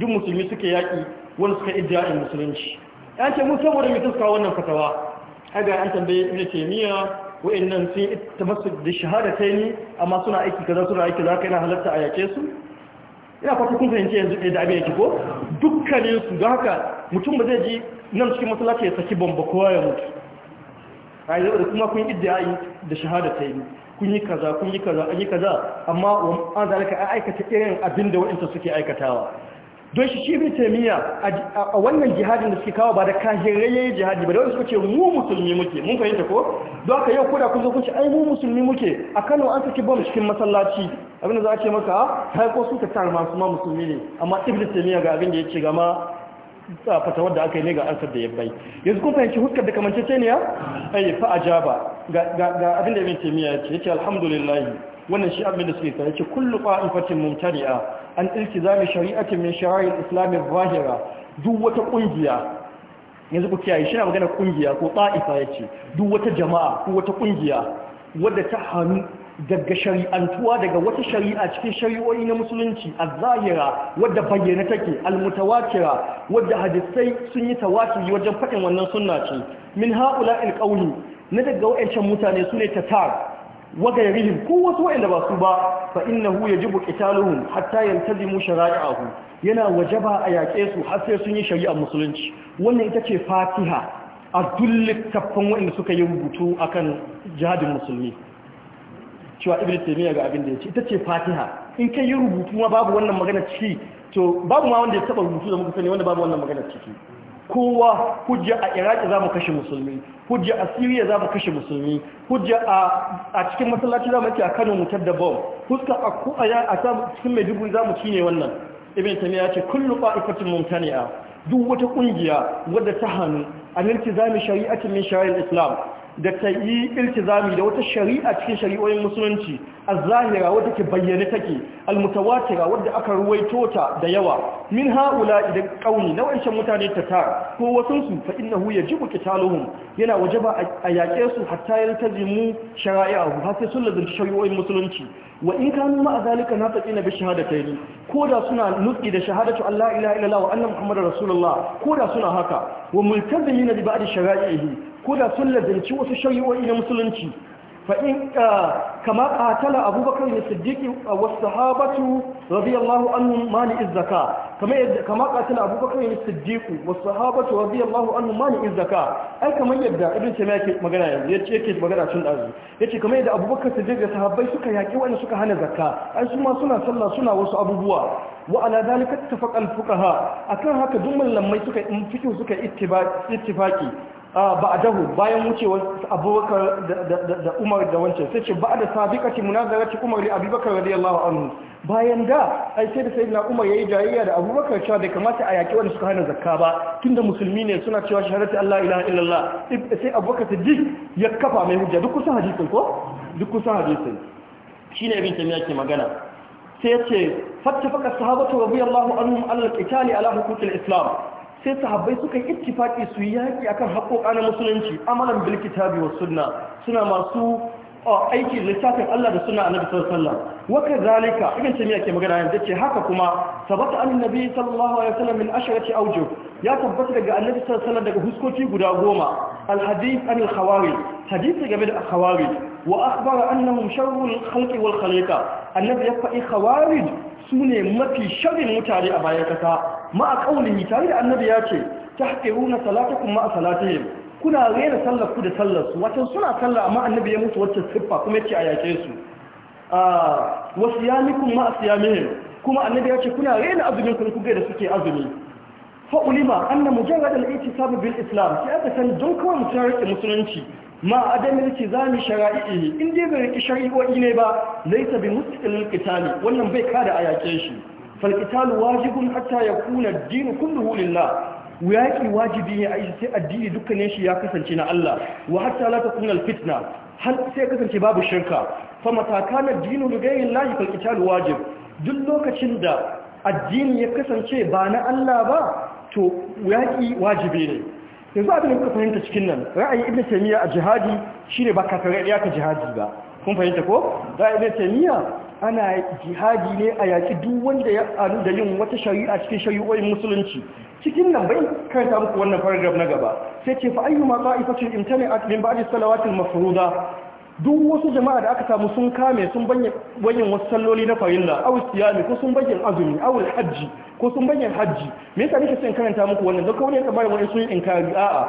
duk musulmi suke yaƙi wani suka iddiyayin musulunci ya ce mun saboda mutum suka wannan fatawa aga an tambaye ce miya. wa'annan sun yi tamassu da shahada ta ni amma suna aiki kaza suna aiki za ka yana halatta a yake su ina kwafi kun fahimci yanzu ɗaya da abin yake ko dukkanin su ga haka mutum ba zai ji nan cikin masallaci ya saki bamba kowa ya mutu a yi da kuma kun yi da shahada ta ni kun yi kaza kun yi kaza an yi kaza amma an zalika aikata irin abin da wa'anta suke aikatawa don shi shi bin taimiyya a wannan jihadin da suke kawo ba da kahirayyayi jihadi ba da wani suka ce mu musulmi muke mun fahimta ko don haka yau kuda kun zo kun ce ai mu musulmi muke a kano an saki bom cikin masallaci abin da za a ce maka sai ah, ko suka tar masu ma musulmi ne amma ibn taimiyya ga abin da ya ce gama ma fatawar da aka yi ne ga ansar da ya bai yanzu kun fahimci huskar da kamance ce ne ya ai fa ajaba ga abin da ibn taimiyya ya ce yace wannan shi abin da suke ta yace kullu qa'ifatin mumtari'a an iltizami shari'atin min shara'i al-islam zahira duk wata kungiya yanzu ku kiyaye shi na magana kungiya ko ta'ifa yace duk wata jama'a ko wata kungiya wadda ta hannu daga shari'antuwa daga wata shari'a cikin shari'o'i na musulunci a zahira wadda bayyana take almutawakira wadda hadisai sun yi tawakiri wajen faɗin wannan sunna ce min haula alqawli na daga wayancan mutane sune tatar وغيرهم كو وسوء إلا باسوبا فإنه يجب قتالهم حتى يلتزموا شرائعه ينا وجبا أياكيسو حتى يسني شريع مسلنج وانا إتاكي فاتحة أدل كفن وإن سكا يوجدوا أكن جهاد المسلمين cewa ibn taymiya ga abin da yace ita ce fatiha in kai yi rubutu ma babu wannan magana ciki to babu ma wanda ya taba rubutu da muka sani wanda babu wannan magana ciki kowa hujja a iraki za mu kashe musulmi hujja a siriya za mu kashe musulmi hujja a cikin masallaci za mu yake a kano mutar da bom huska a cikin maiduguri za mu ne wannan ibn ya ce kullum qa'ifatin mumtani'a duk wata kungiya wadda ta hannu a za mu shari'atin min shari'ar islam da ta yi iltizami da wata shari'a cikin shari'o'in musulunci az-zahira wadda ke bayyane take al-mutawatira wadda aka ruwaito ta da yawa min haula idan kauni na wancan mutane ta tar ko wasun su fa innahu yajibu qitaluhum yana wajaba a yaƙe su hatta yaltazimu shara'i'ahu har sai sun lazanci shari'o'in musulunci wa in kanu ma azalika nafaqina bi Ko koda suna nutsi da shahadatu Allah ilaha illallah wa anna muhammadar rasulullah da suna haka wa multazimina bi ba'd shara'i'ihi ko da sun lazanci wasu shari'o'i na musulunci fa'in ah, kama ƙatala abubakar ne siddiƙi ah, wasu sahabatu radiyallahu anhu mani izzaka kama ƙatala abubakar ne siddiƙi wasu sahabatu radiyallahu anhu mani izzaka ai kamar yadda ibn tamiya ke magana yanzu yace yake magana tun dazu yace kamar yadda abubakar siddiƙi da sahabbai suka yaki wani suka hana zakka ai su ma suna sallah suna wasu abubuwa wa ala dalika tafaqal fuqaha akan haka duk mallamai suka in fiqh suka ittifaqi Ba'adahu bayan wucewar abubakar da umar da wancan sai ce ba'da sabiqati munazarati umar li abubakar radiyallahu anhu bayan da ai sai da sayyidina umar yayi jayayya da abubakar cewa bai kamata a yaki wanda suka hana zakka ba tunda musulmi ne suna cewa shahadatu allah ilaha illallah sai abubakar siddiq ya kafa mai hujja duk kusan hadisin ko duk kusan hadisin shine ibn tamiya ke magana sai ya ce fattafaka sahabatu radiyallahu anhum ala al-qitali ala huquqil islam sai sahabbai suka yi ittifaki su yi yaki akan haƙoƙa na musulunci amalan bil kitabi was sunna suna masu aiki littafin Allah da suna annabi sallallahu alaihi wasallam waka zalika ibn tamiya ke magana yanzu ce haka kuma sabata annabi sallallahu alaihi wasallam min asharati awjuh ya tabbata daga annabi sallallahu alaihi wasallam daga huskoki guda goma alhadith anil khawari hadisi game da khawari wa akhbara annahum sharrul khalqi wal khaliqa annabi ya faɗi khawarij sune mafi sharrin mutane a bayan kasa ma a kaulin tare da annabi ya ce tahqiruna salatakum ma salatihim kuna rena sallar ku da sallar su suna sallah amma annabi ya mutu wacce siffa kuma yace a yake su ah, wasu yamikun ma asiyamihim kuma annabi ya ce kuna rena azumin ku kuga da suke azumi fa ulima anna mujarrad al-i'tisab bil islam sai aka san don kawai mutum musulunci ma adamin tizami shara'i'i in dai bai riki shari'o'i ne ba laysa bi mustaqil qitali wannan bai kada a yake shi fal qitalu wajibun hatta yakuna ad-din kulluhu lillah yaƙi wajibi ne a sai addini dukkanin shi ya kasance na Allah wa hatta la takuna alfitna hal sai kasance babu shirka fa matakana dinu ligayri lahi fa qitalu wajib duk lokacin da addini ya kasance ba na Allah ba to yaki wajibi ne yanzu abin da kuka fahimta cikin nan ra'ayi ibnu taymiya a jihadi shine ba kafirai ya ka jihadi ba kun fahimta ko ra'ayi ibnu taymiya ana jihadi ne a yaki duk wanda ya anu da yin wata shari'a cikin shari'o'in musulunci cikin nan bai karanta muku wannan paragraph na gaba sai ce fa ayyuma qa'ifatin imtana'at min ba'di salawatil mafruda duk wasu jama'a da aka samu sun kame sun banyan wasu salloli na farilla aw siyami ko sun banye azumi aw hajji ko sun banye hajji me yasa nake son karanta muku wannan don kawai ne kamar wani sun inkari a'a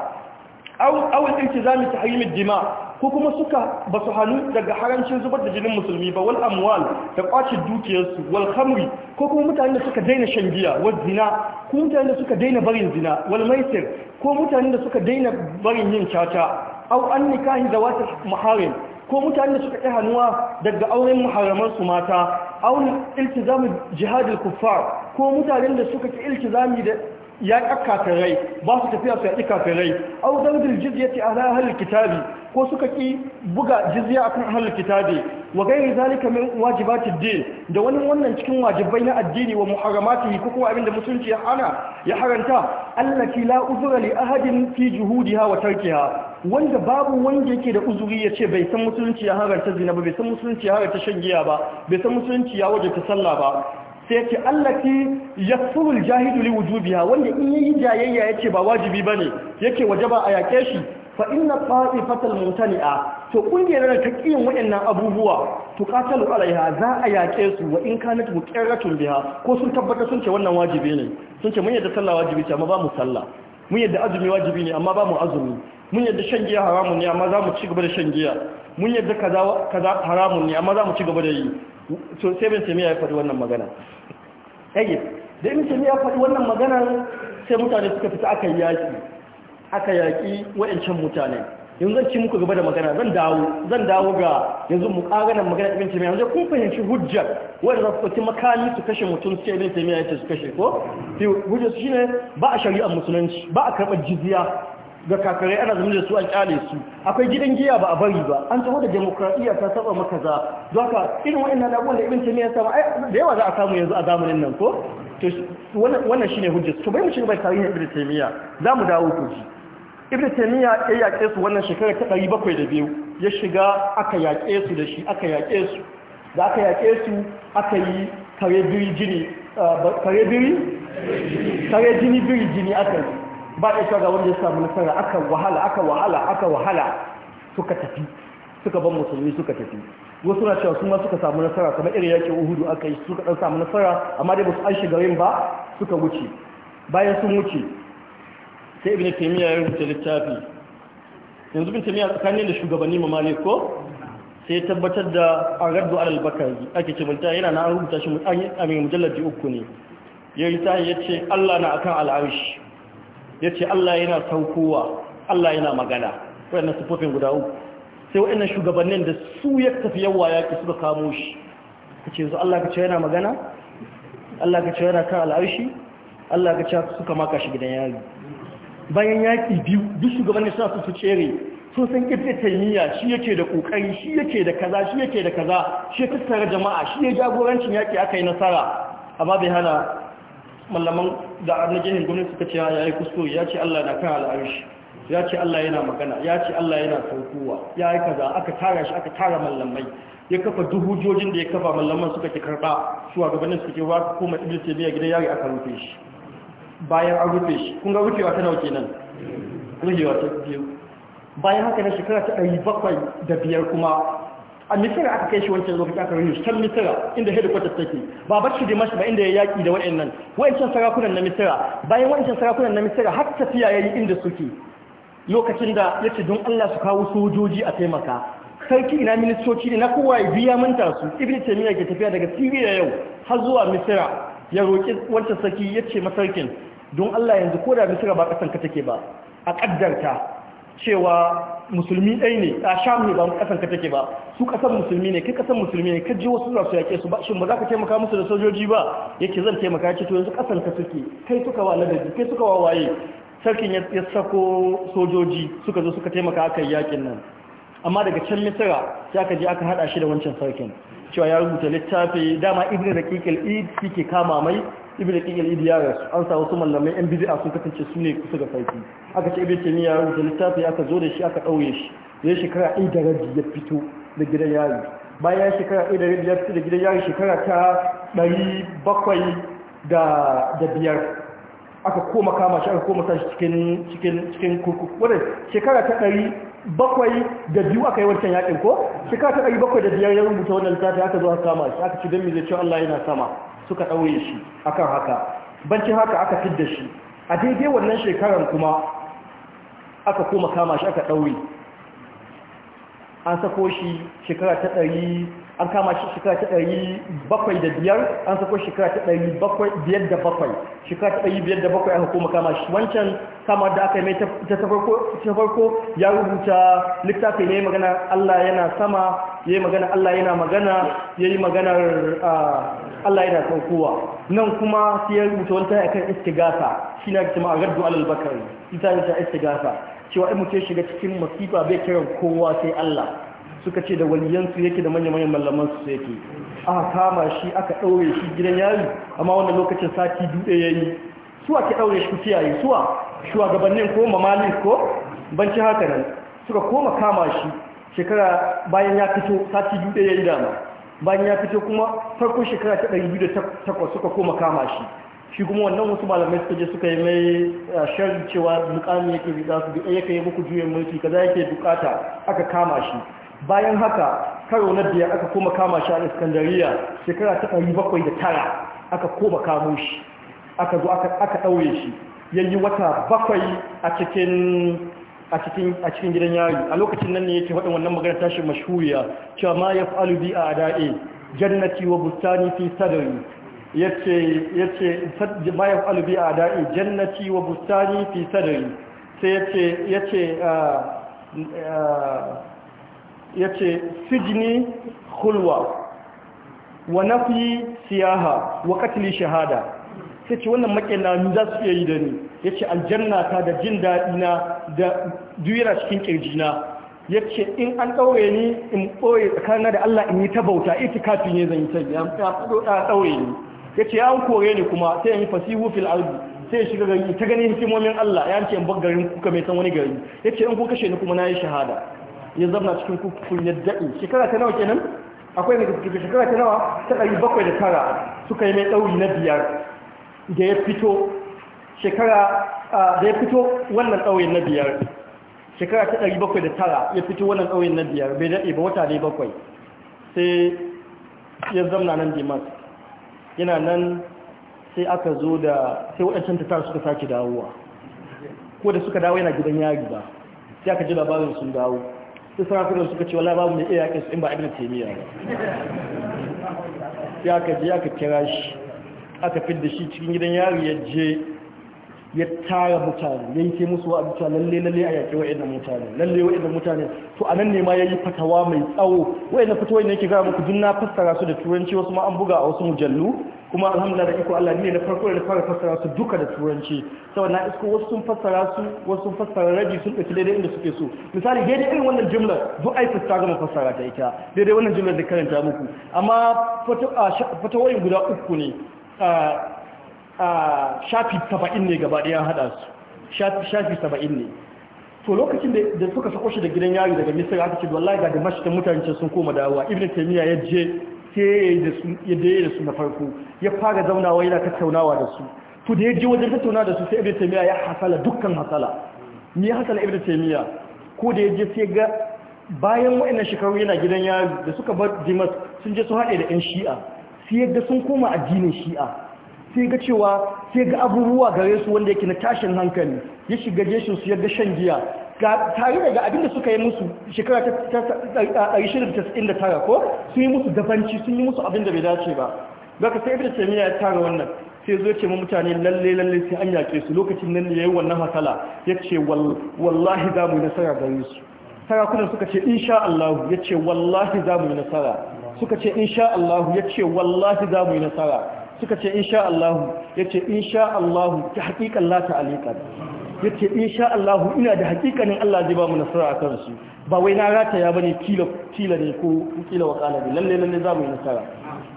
aw aw iltizami tahyimid dima ko kuma suka ba su hannu daga harancin zubar da jinin musulmi ba wal amwal da kwacin dukiyarsu wal khamri ko kuma mutanen da suka daina shan giya wal zina ko mutanen da suka daina barin zina wal maisir ko mutanen da suka daina barin yin caca au an nikahi zawatul muharim ko mutanen da suka ƙi hannuwa daga auren muharramansu mata au iltizami jihadul kuffar ko mutanen da suka ki iltizami da ya kakkata rai ba su tafiya su yaƙi kafirai au zangil jizyati ala ahli kitabi ko suka ki buga jizya akan ahli kitabi wa gairi zalika min wajibatid din da wani wannan cikin wajibai na addini wa muharramatihi ko kuma da musulunci ya ana ya haranta allati la uzra li ahadin fi juhudiha wa tarkiha wanda babu wanda yake da uzuri ya ce bai san musulunci ya haranta zina ba bai san musulunci ya haranta shan giya ba bai san musulunci ya wajabta sallah ba sai ya ce allati yasful jahidu li wujubiha wanda in yayi jayayya yace ba wajibi bane yake wajaba a yake shi fa inna qa'ifatal mutani'a to kungiyar da ta kiyin waɗannan abubuwa to qatalu alaiha za a yake su wa in kanat muqirratun biha ko sun tabbata sun ce wannan wajibi ne sun ce mun yadda sallah wajibi ce amma ba mu sallah mun yadda azumi wajibi ne amma ba mu azumi mun yadda shan giya haramun ne amma za mu ci gaba da shan giya mun yadda kaza haramun ne amma za mu ci gaba da yi so sai bin sami ya faɗi wannan magana ɗaya da sami ya faɗi wannan magana sai mutane suka fita aka yaƙi aka yaƙi wa'ancan mutane yanzu zan ci muku gaba da magana zan dawo zan dawo ga yanzu mu kaganan magana ibn taymiya yanzu kun fahimci hujjar wanda za su ɗauki makami su kashe mutum sai ibn taymiya ya ce su kashe ko hujjar su shine ba a shari'ar musulunci ba a karɓar jizya ga kakarai ana zama da su an kyale su akwai gidan giya ba a bari ba an taho da demokradiyya ta saba maka za zaka irin wa'annan abubuwan da ibn taymiya ya samu da yawa za a samu yanzu a zamanin nan ko to wannan shine hujjar to bai mu shiga bai tarihin ibn taymiya za mu dawo ku ji ibn taymiya ya yaƙe su wannan shekara ta ɗari bakwai da biyu ya shiga aka yaƙe su da shi aka yaƙe su da aka yaƙe su aka yi kare biri jini kare biri kare jini biri jini aka yi ba da shaga wanda ya samu nasara aka wahala aka wahala aka wahala suka tafi suka ban musulmi suka tafi wasu na cewa kuma suka samu nasara kamar irin yake uhudu aka yi suka dan samu nasara amma dai ba su an shiga rin ba suka wuce bayan sun wuce sai ibn taymiya ya rubuta littafi yanzu ibn taymiya tsakanin da shugabanni mamalik ko sai ya tabbatar da ar-raddu ala al-bakari ake ce multa yana na rubuta shi a mai mujallar ji uku ne ya yi ta ya ce Allah na akan al'arshi ya ce Allah yana saukowa Allah yana magana waɗannan sufofin guda uku sai waɗannan shugabannin da su ya tafi yawa ya ki suka kamo shi ka ce yanzu Allah ka ce yana magana Allah ka ce yana kan al'arshi Allah ka ce suka maka shi gidan yari bayan yaƙi biyu duk shugabannin suna su su cere sun san ibn taymiya shi yake da kokari shi yake da kaza shi yake da kaza shi tattara jama'a shi ya jagorancin yaki aka yi nasara amma bai hana mallaman da annajihin gwamnati suka ce ah, ya yi kuskure ya ce Allah na kan al'arshi ya ce Allah yana magana ya ce Allah yana saukowa ya yi kaza aka tara shi aka tara mallamai ya kafa duhujojin da ya kafa mallaman suka ke karba suwa gabanin suke wa kuma ibn taymiya gidan yari aka rufe shi bayan an rufe shi kun ga rufewa ta nauke nan rufewa ta biyu bayan haka na shekara ta ɗari bakwai da biyar kuma a misira aka kai shi wancan lokaci aka rufe can misira inda kwatar take ba ba shi dimashi ba inda ya yaƙi da waɗannan Wa'incan sarakunan na misira bayan wa'incan sarakunan na misira har tafiya ya yi inda suke lokacin da ya ce don Allah su kawo sojoji a taimaka sarki ina ministoci ne na kowa ya biya manta su ibn taimiyya ke tafiya daga siriya yau har zuwa misira ya roƙi wancan sarki ya ce masarkin don Allah yanzu ko da misira ba kasanka ka take ba a kaddarta cewa musulmi ɗai ne a sham ne ba kasanka ka take ba su kasan musulmi ne kai kasan musulmi ne kaji wasu za su yake su ba shin ba za ka taimaka musu da sojoji ba yake zan taimaka ce to yanzu kasanka ka suke kai suka wa ladabi kai suka wa waye sarkin ya sako sojoji suka zo suka taimaka aka yakin nan amma daga can misira ya ka je aka hada shi da wancan sarkin cewa ya rubuta littafi dama ibn raqiqil id yake kama mai ibn qayyim idiyar an sa wasu mallamai yan bid'a sun kasance su ne kusa ga sarki aka ce ibn taymiya ya da littafi aka zo da shi aka ɗauye shi ya shekara ɗaya da ya fito da gidan yari bayan shekara ɗaya da rabi ya fito da gidan yari shekara ta ɗari bakwai da biyar aka koma kama shi aka koma sa shi cikin cikin cikin kurkuku wadda shekara ta ɗari bakwai da biyu aka yi wancan yakin ko shekara ta ɗari bakwai da biyar ya rubuta wannan littafi aka zo aka kama shi aka ci don mi zai ce Allah yana sama suka ɗauye shi akan haka banci haka aka da shi a daidai wannan shekaran kuma aka koma kama shi aka ɗauye an sako shi shekara ta ɗari an kama shi shekara ta ɗari bakwai da biyar an sako shekara ta ɗari biyar da bakwai shekara ta ɗari biyar da bakwai aka koma kama shi wancan kama da aka yi mai ta farko ya rubuta littafi ne magana Allah yana sama yayi magana Allah yana magana ya yi maganar Allah yana saukowa nan kuma sai ya rubuta wata akan istigasa shine ake cewa raddu alal bakari ita ne ta istigasa cewa in mutum shiga cikin masifa bai kiran kowa sai Allah suka ce da waliyansu yake da manya-manyan mallaman su yake aka kama shi aka ɗaure shi gidan yari amma wannan lokacin sati ya yi suwa ke ɗaure shi ku kiyaye suwa shugabannin ko mamalin ko banci haka nan suka koma kama shi shekara bayan ya fito sati biyu da ya yi dama bayan ya fito kuma farko shekara ta ɗari biyu da takwas suka koma kama shi shi kuma wannan wasu malamai suka je suka yi mai eh, sharri cewa mukami yake riga su da eh, ya yi muku juyin mulki kaza yake bukata aka kama shi bayan haka karo na biyar aka koma kama shi a iskandariya shekara ta ɗari bakwai da tara aka koma kamo shi aka zo aka ɗaure shi yayi wata bakwai a cikin a cikin gidan yari a lokacin nan ne yake faɗin wannan magana tashi mashuriya cewa ma ya fi alubi a da'i jannati wa bustani fi sadari ya ce ma ya fi alubi a da'i jannati wa bustani fi sadari sai yace yace yace sijni wa wa nafi siyaha wa katili shahada sai ce wannan makina za su iya yi da ni yace aljanna ta da jin daɗi na da duyira cikin Ya yace in an ɗaure ni in ɓoye tsakana da Allah in yi ta bauta kafi ne zan yi ta biya ya fado da ɗaure ni yace ya an kore ni kuma sai yi fasihu fil ardi sai shiga gari ta gani hikimomin Allah ya ce in bar garin kuka mai san wani gari yace in kun kashe ni kuma nayi shahada ya zamna cikin kukun ya daɗi. shekara ta nawa kenan akwai mai gaske shekara ta nawa ta ɗari bakwai da tara suka yi mai ɗauri na biyar da ya fito shekara da ya fito wannan tsauyin na biyar shekara ta ɗari bakwai da tara ya fito wannan tsauyin na biyar bai daɗe ba wata ne bakwai sai ya zamna nan dimas yana nan sai aka zo da sai waɗancan ta tara suka sake dawowa ko da suka dawo yana gidan yari ba sai aka ji labarin sun dawo sai sarakunan suka ce wala babu mai iya yakin su in ba ibn taymiya ba sai aka je aka kira shi aka fidda shi cikin gidan yari ya je ya tara mutane ya yi musu wa abuta lalle lalle a yaƙi wa'in mutane lalle wa'in mutane to a nan ne ma ya yi fatawa mai tsawo wa'in na fitowar ne yake gara muku duk na fassara su da turanci wasu ma an buga a wasu mujallu kuma alhamdulillah da iko Allah ne na farko da fara fassara su duka da turanci saboda na isko wasu sun fassara su wasu sun fassara raji sun ɗauki daidai inda suke so misali daidai irin wannan jumlar duk ai fuska gama fassara ta ita daidai wannan jumlar da karanta muku amma fatawa guda uku ne ah, shafi saba'in ne gaba ya haɗa su shafi saba'in ne to lokacin da suka sako shi da gidan yari daga misir aka ce wallahi ga dimashi da mutane sun koma dawowa ibn taimiyya ya je sai ya da su na farko ya fara zaunawa yana tattaunawa da su to da ya je wajen tattaunawa da su sai ibn taimiyya ya hasala dukkan hasala ni ya hasala ibn taimiyya ko da ya je sai ga bayan wayannan shekaru yana gidan yari da suka bar dimas sun je sun haɗe da yan shi'a sai yadda sun koma addinin shi'a sai ga cewa sai ga abubuwa gare su wanda yake na tashin hankali ya shiga jeshin su ya ga shan giya tare ga abinda suka yi musu shekara ta tara ko sun yi musu gabanci sun yi musu abinda bai dace ba ka sai da taymiya ya tara wannan sai zo ce mutane lalle lalle sai an yake su lokacin nan ne yayin wannan hasala yace wallahi za mu yi nasara gare su sarakunan suka ce insha Allah yace wallahi za mu yi nasara suka ce insha Allah yace wallahi za mu yi nasara suka ce insha Allah yace insha Allah ta haƙiƙan la ta'alika yace insha Allah ina da haƙiƙanin Allah zai ba mu nasara a kan su ba wai na rataya bane kila ne ko kila wa ne lalle lalle za mu yi nasara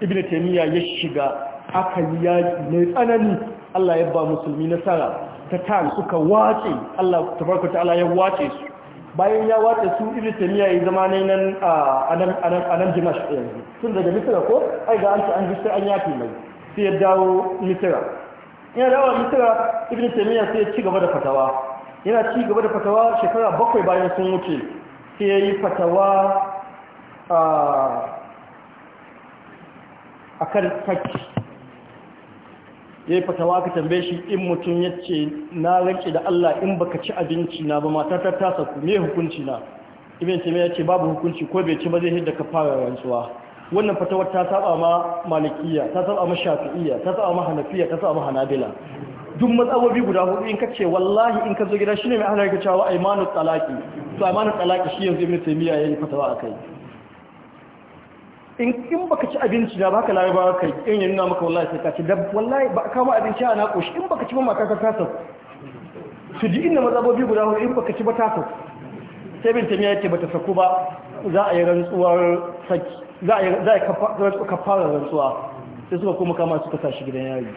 Ibn taimiyya ya shiga aka yi yaƙi mai tsanani Allah ya ba musulmi nasara ta tan suka wace Allah ta tabaraka ta'ala ya wace su bayan ya wace su Ibn taimiyya ya zama ne nan a nan a nan dimash yanzu Sun daga misira ko ai ga an ci an ji sai an yafi mai sai ya dawo misira ina dawo misira ibn taymiya sai ya ci gaba da fatawa yana ci gaba da fatawa shekara bakwai bayan sun wuce sai ya yi fatawa a kan fakki. ya fatawa ka tambaye shi in mutum ya ce na rance da Allah in baka ci abinci na ba mata ta tasa ku me hukunci na ibn taymiya ya ce babu hukunci ko bai ci ba zai hidda ka fara rantsuwa wannan fatawar ta saba ma malikiya ta saba ma shafi'iyya ta saba ma hanafiya ta saba ma hanabila duk matsawobi guda hudu in kace wallahi in ka zo gida shine mai ahlar ka cewa aymanu talaqi to aymanu talaqi shi yanzu ibnu taymiya yayin fatawa akai in in baka ci abinci da baka lafi ba kai in yana maka wallahi sai ka ci da wallahi ba kama abinci ana koshi in baka ci ba maka ka kasa su ji inna matsabobi guda hudu in baka ci ba ta sai ibnu taymiya yake bata saku ba za a yi rantsuwar saki za a kafara rantsuwa sai suka kuma kama suka sashi gidan yari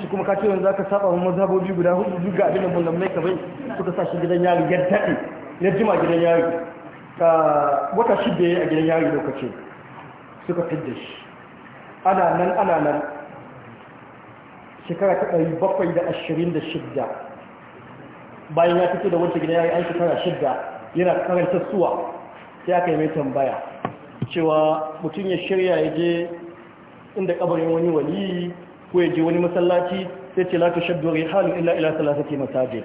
su kuma kace yanzu aka saba wa mazhabobi guda hudu duk ga abin da mulmai mai bai suka sashi gidan yari ya daɗe ya jima gidan yari ka wata shidda yayi a gidan yari lokacin suka fidda shi ana nan ana nan shekara ta ɗari bakwai da ashirin da shidda bayan ya fito da wancan gidan yari an shekara shidda yana karanta suwa sai aka yi mai tambaya cewa mutum ya shirya ya je inda kabarin wani wali ko ya je wani masallaci sai ce la tashaddu rihalu illa ila thalathati masajid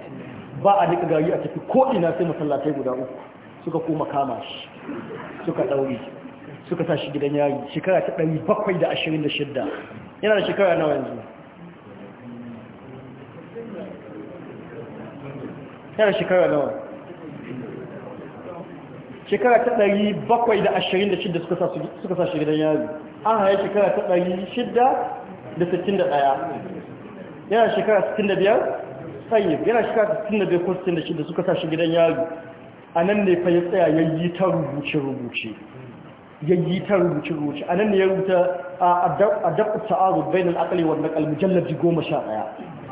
ba a nika gari a tafi ko ina sai masallatai guda uku suka koma kama shi suka dauri suka tashi gidan yari shekara ta 726 yana da shekara nawa yanzu yana da shekara nawa shekara ta ɗari bakwai da ashirin da shidda suka sa shi gidan yari an haya shekara ta ɗari shidda da sittin da ɗaya yana shekara sittin da biyar tsayin yana shekara sittin da biyar ko sittin da shidda suka sa shi gidan yari a nan ne fa ya tsaya yayi ta rubuce-rubuce Ya yi ta rubuce-rubuce a nan ne ya rubuta a dabta ta'arud bainal aqli wal naqal mujallad 11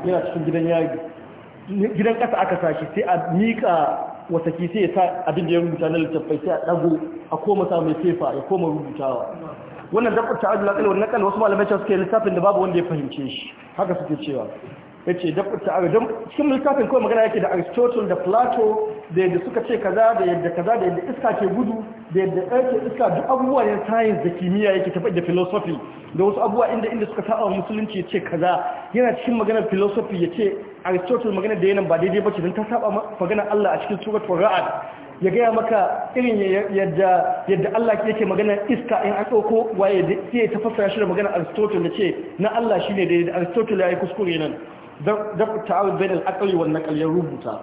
yana cikin gidan yari gidan kasa aka sashi sai a mika wata ki sai sa abin da ya rubuta na littattafai sai a dago a koma sa mai fefa ya koma rubutawa wannan ta ta'adul aqal na naqal wasu malamai cewa suke littafin da babu wanda ya fahimce shi haka suke cewa Ya ce dabbar ta'adul don cikin littafin kawai magana yake da Aristotle da Plato da yadda suka ce kaza da yadda kaza da yadda iska ke gudu da yadda ɗarke iska duk abubuwa ne science da kimiyya yake tafi da philosophy da wasu abubuwa inda inda suka saba musulunci ya ce kaza yana cikin maganar philosophy ya ce aristotle magana da yanan ba daidai ba ce don ta saba magana Allah a cikin tsohon tura'ad ya gaya maka irin yadda Allah Allah yake magana iska in an tsoko waye da sai ta fasa shi da magana aristotle da ce na Allah shi shine daidai aristotle ya yi kuskure nan da ta'arud bai aqli wan naql rubuta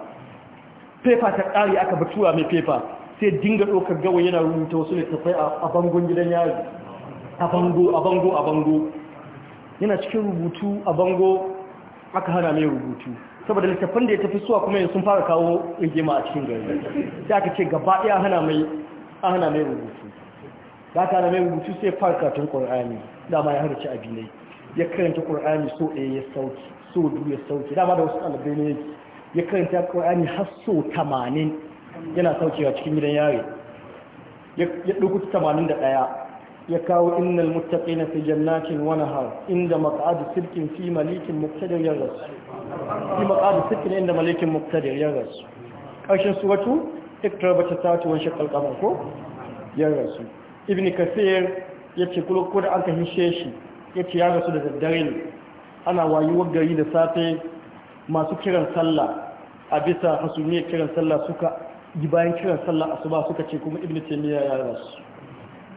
Pepa ta ƙari aka batura mai pepa sai dinga ɗaukar gawa yana rubuta wasu littattafai a bangon gidan yari a bango a bango a bango yana cikin rubutu a bango aka hana mai rubutu saboda littafin da ya tafi suwa kuma sun fara kawo rigima a cikin gari da aka ce gaba ɗaya hana mai hana mai rubutu da aka hana mai rubutu sai fara karatun ƙur'ani dama ya harci abinai ya karanta ƙur'ani so ɗaya ya sauki so biyu ya sauki dama da wasu ɗalibai ne ya karanta ƙur'ani har so tamanin yana saukewa cikin gidan yare ya ɗauki tamanin da ɗaya ya kawo innal muttaqina fi jannatin wa nahar inda maq'ad sirkin fi malikin muqtadir ya rasu fi maq'ad sirkin inda malikin muqtadir ya rasu karshen suratu iktarabata sa'atu wa shaqqal qamar ko ya rasu ibn kasir yace kullu da aka hishe shi yace ya rasu da daddare ne ana wayuwar gari da safe masu kiran sallah a bisa hasumiyar kiran sallah suka yi bayan kiran sallah asuba suka ce kuma ibn taymiya ya rasu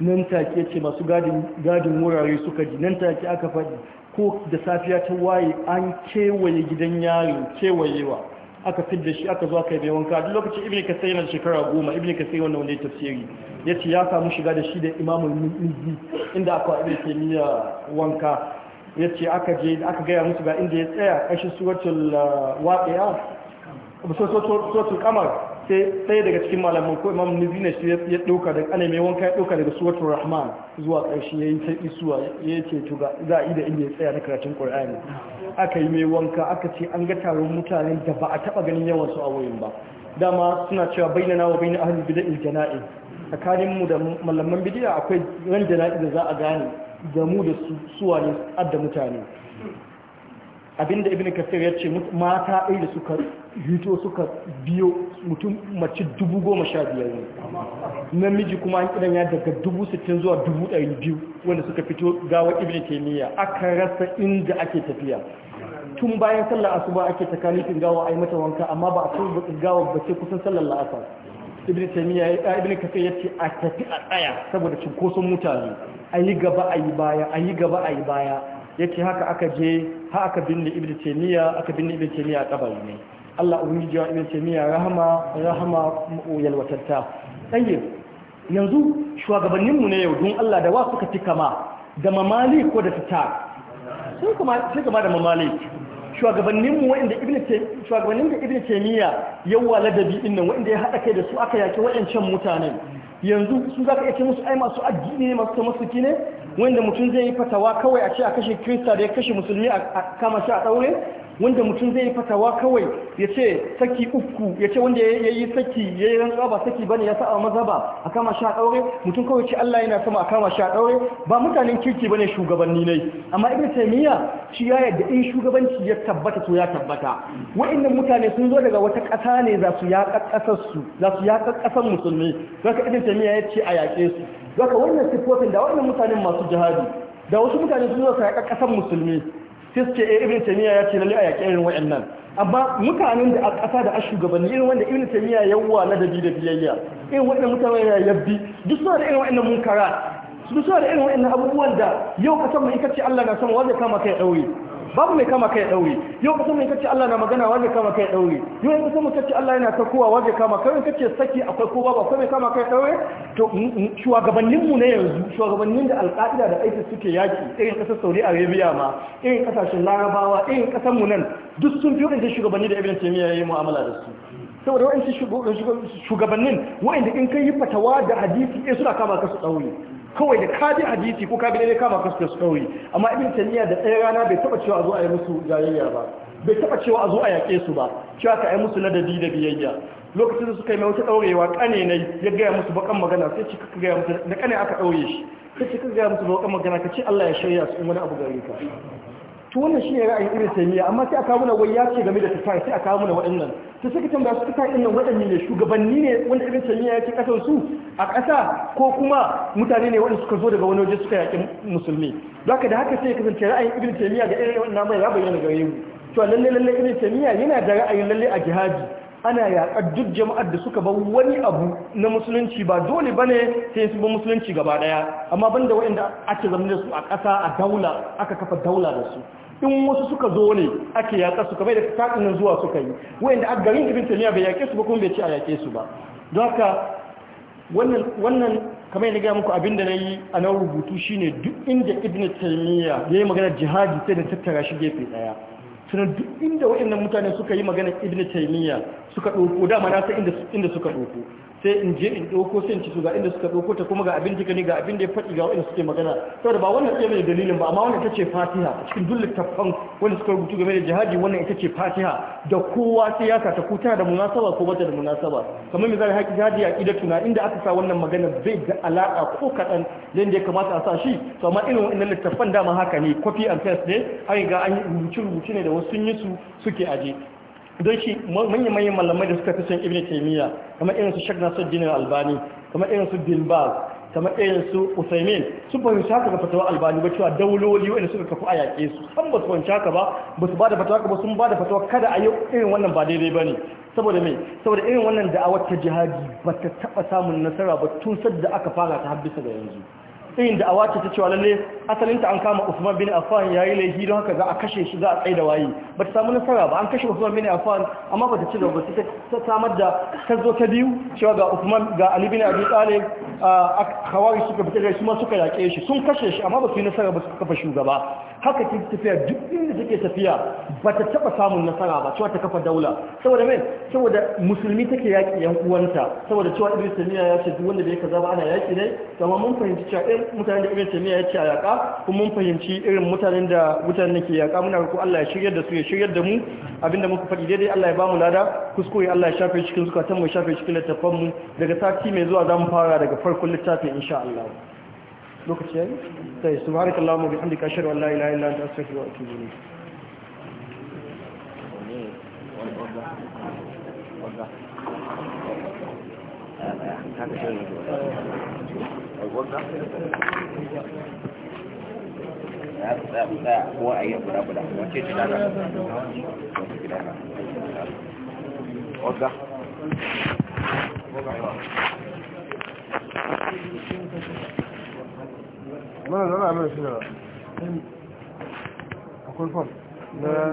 nan take ce masu gadin wurare suka ji nan take aka faɗi ko da safiya ta waye an kewaye gidan yarin kewayewa aka da shi aka zuwa aka yi wanka duk lokacin ka sai yana shekara goma ibini ka sai wanda ya tafsiri ya ce ya samu shiga da shi da imamul nizi inda aka ke miya wanka ya ce aka je aka gaya musu ga inda ya tsaya ƙarshen suratul uh, waqi'a kamar sai sai daga cikin malamai ko imam nizina shi ya ɗauka daga ana mai wanka ya dauka daga suratul rahman zuwa ƙarshe yi ta isuwa ya ce to ga za a yi da inda ya tsaya na karatun ƙur'ani aka yi mai wanka aka ce an ga taron mutane da ba a taɓa ganin yawan su a wurin ba dama suna cewa nawa wa bainal ahli bid'il jana'i tsakanin mu da malaman bid'a akwai ran jana'i da za a gane da mu da su suwa ne adda mutane abinda ibn kafir ya ce mata ɗaya da suka hito suka biyo mutum mace dubu goma sha biyar ne namiji kuma an kiran ya daga dubu sittin zuwa dubu ɗari biyu wanda suka fito gawar ibn taimiyya aka rasa inda ake tafiya tun bayan sallar asuba ake takalifin gawa a yi mata wanka amma ba a so gawa ba ce kusan sallar la'asa ibn taimiyya ya ibn kafir ya ce a tafi a tsaya saboda cunkoson mutane a yi gaba a yi baya a yi gaba a yi baya yace haka aka je ha aka binne ibnu taymiya aka binne ibnu taymiya kabari ne Allah ubangiji ya ibnu taymiya rahama rahama watatta. tayyib yanzu shugabanninmu ne yau don Allah da wa suka fi kama da mamali ko da fita sun kuma sai kama da mamali shugabanninmu wa'inda ibn shugabannin da ibnu taymiya yawa ladabi din nan wanda ya hada kai da su aka yake wa'ancan mutanen yanzu su zaka yake musu ai masu addini ne masu masuki ne wanda mutum zai yi fatawa kawai a ce a kashe kirista da ya kashe musulmi a kama shi a ɗaure wanda mutum zai yi fatawa kawai ya ce saki uku ya ce wanda ya yi saki ya yi rantsuwa ba saki ne ya sa'a maza ba a kama sha ɗaure mutum kawai ce Allah yana sama a kama sha ɗaure ba mutanen kirki ba ne shugabanni ne amma ibn taimiyya, shi ya yadda in shugabanci ya tabbata to ya tabbata wa'annan mutane sun zo daga wata ƙasa ne za su yaƙa ƙasar za su yaƙa ƙasar musulmi ya ce a yaƙe su zaka wannan sifofin da wannan mutanen masu jihadi da wasu mutane sun zo su yaƙa ƙasar musulmi sai su ce eh, ibn taymiya ya ce lalle a yaƙi irin nan amma mutanen da a ƙasa da a shugabanni irin wanda ibn taymiya ya wa ladabi da biyayya irin waɗannan mutane ya yabbi duk suna da irin waɗannan munkara duk suna da irin waɗannan abubuwan da yau kasan mai kace Allah na son wanda kama kai ɗaure babu mai kama kai daure yau kasan mai kace Allah na magana wanda kama kai daure yau kasan mai kace Allah yana takowa wanda kama kai kace saki akwai ko babu akwai mai kama kai daure to mm, mm, shugabannin mu ne yanzu shugabannin da alƙa'ida da aiki suke yaki irin kasar Saudi Arabia ma irin kasashen Larabawa irin kasar mu nan duk sun fi wadannan shugabanni da Ibn Taymiyyah yayi mu'amala da su saboda wa'ansu shugabannin wa'anda in kai yi fatawa da hadisi eh suna kama ka su daure kawai da ka ji hadisi ko ka ga dai kama kasu da su kawai amma ibn taniya da tsaye rana bai taba cewa a zo a yi musu jayayya ba bai taba cewa a zo a yaƙe su ba cewa ka yi musu ladabi da biyayya lokacin da suka yi mai wata ɗaurewa ƙane na ya gaya musu bakan magana sai ci ka gaya musu da ƙane aka ɗaure shi sai ci ka gaya musu bakan magana ka ce Allah ya shirya su in wani abu gare ka to wannan ne ra'ayin irin taimiyya, amma sai aka muna wai ya ce game da tafsir sai aka muna waɗannan Ta sai kitan su tafsir din nan waɗanne ne shugabanni ne wanda irin taymiya yake kasar su a ƙasa ko kuma mutane ne waɗanda suka zo daga wani waje suka yaƙi musulmi haka da haka sai kasance ra'ayin irin taimiyya da irin wannan mai ya bayyana gare mu to lalle lalle irin taimiyya yana da ra'ayin lalle a jihadi ana yaƙar duk jama'ar da suka bar wani abu na musulunci ba dole ba ne sai su ba musulunci gaba daya amma da waɗanda ake zama da su a ƙasa a daula aka kafa daula da su in wasu suka zo ne ake yaƙa su kamar da sakinan zuwa suka yi waɗanda a garin ibin taliya bai yaƙe su ba kuma bai ci a yaƙe su ba don haka wannan wannan kamar yadda ga muku da na yi a nan rubutu shine duk inda ibn taymiya ya yi magana jihadi sai da tattara shi gefe ɗaya tunan duk inda waɗannan mutane suka yi magana ibn taymiya suka ɗauko dama na san inda suka ɗauko sai in je in ɗauko sai in ci su ga inda suka ɗauko ta kuma ga abin jika ne ga abin da ya faɗi ga wanda suke magana saboda ba wannan ɗaya mai dalilin ba amma wannan ita ce fatiha a cikin duk littattafan wanda suka rubutu game da jihadi wannan ita ce fatiha da kowa sai ya sa ta ko tana da munasaba ko bata da munasaba kamar misali haƙi jihadi a ƙidatu tuna inda aka sa wannan magana bai da alaƙa ko kaɗan yadda ya kamata a sa shi to amma irin wannan littattafan dama haka ne copy and paste ne an ga an yi rubuce rubuce ne da wasu sun yi su suke aje don shi manyan manyan malamai da suka fi son ibn taymiya kamar irin su shagna saddin albani kamar irin su dilbaz kamar irin su usaimin su fahimci haka ga fatawa albani ba cewa dauloli wanda suka kafu a yaƙe su san ba su fahimci haka ba ba su ba da fatawa ba sun ba da fatawa kada a yi irin wannan ba daidai ba ne saboda me saboda irin wannan da'awar ta jihadi ba ta taɓa samun nasara ba tun sadda aka fara ta har da yanzu irin da wace ta cewa lalle asalinta an kama Usman bin Affan yi laifi don haka za a kashe shi za a tsaye da wayi ba ta samu nasara ba an kashe Usman bin Affan amma ba ta ci gaba ta samar da ta zo ta biyu cewa ga Usman ga Ali bin Abi Talib a kawari suka fita da shi ma suka yake shi sun kashe shi amma ba su yi nasara ba suka kafa shugaba haka kin tafiya duk inda take tafiya ba ta taba samun nasara ba cewa ta kafa daula saboda mai saboda musulmi take yaƙi yan uwanta saboda cewa Ibn Taymiyyah ya ce duk wanda bai kaza ba ana yaƙi ne kuma mun fahimci cewa irin eh, mutanen da Ibn Taymiyyah ya ce a yaƙa kuma mun fahimci irin mutanen da mutanen ke yaƙa muna roƙo Allah ya shiryar da su ya shiryar da mu abinda muka faɗi daidai Allah ya bamu lada kuskure Allah ya shafe cikin zukatan mu shafe cikin littafan mu daga sati mai zuwa zamu fara daga farkon littafin insha Allah lokaci yayi sai subhanakallahumma wa la ilaha illa wa atubu ilayk a yi guda guda wace ce daga wasu oga oga لا لا لا لا لا لا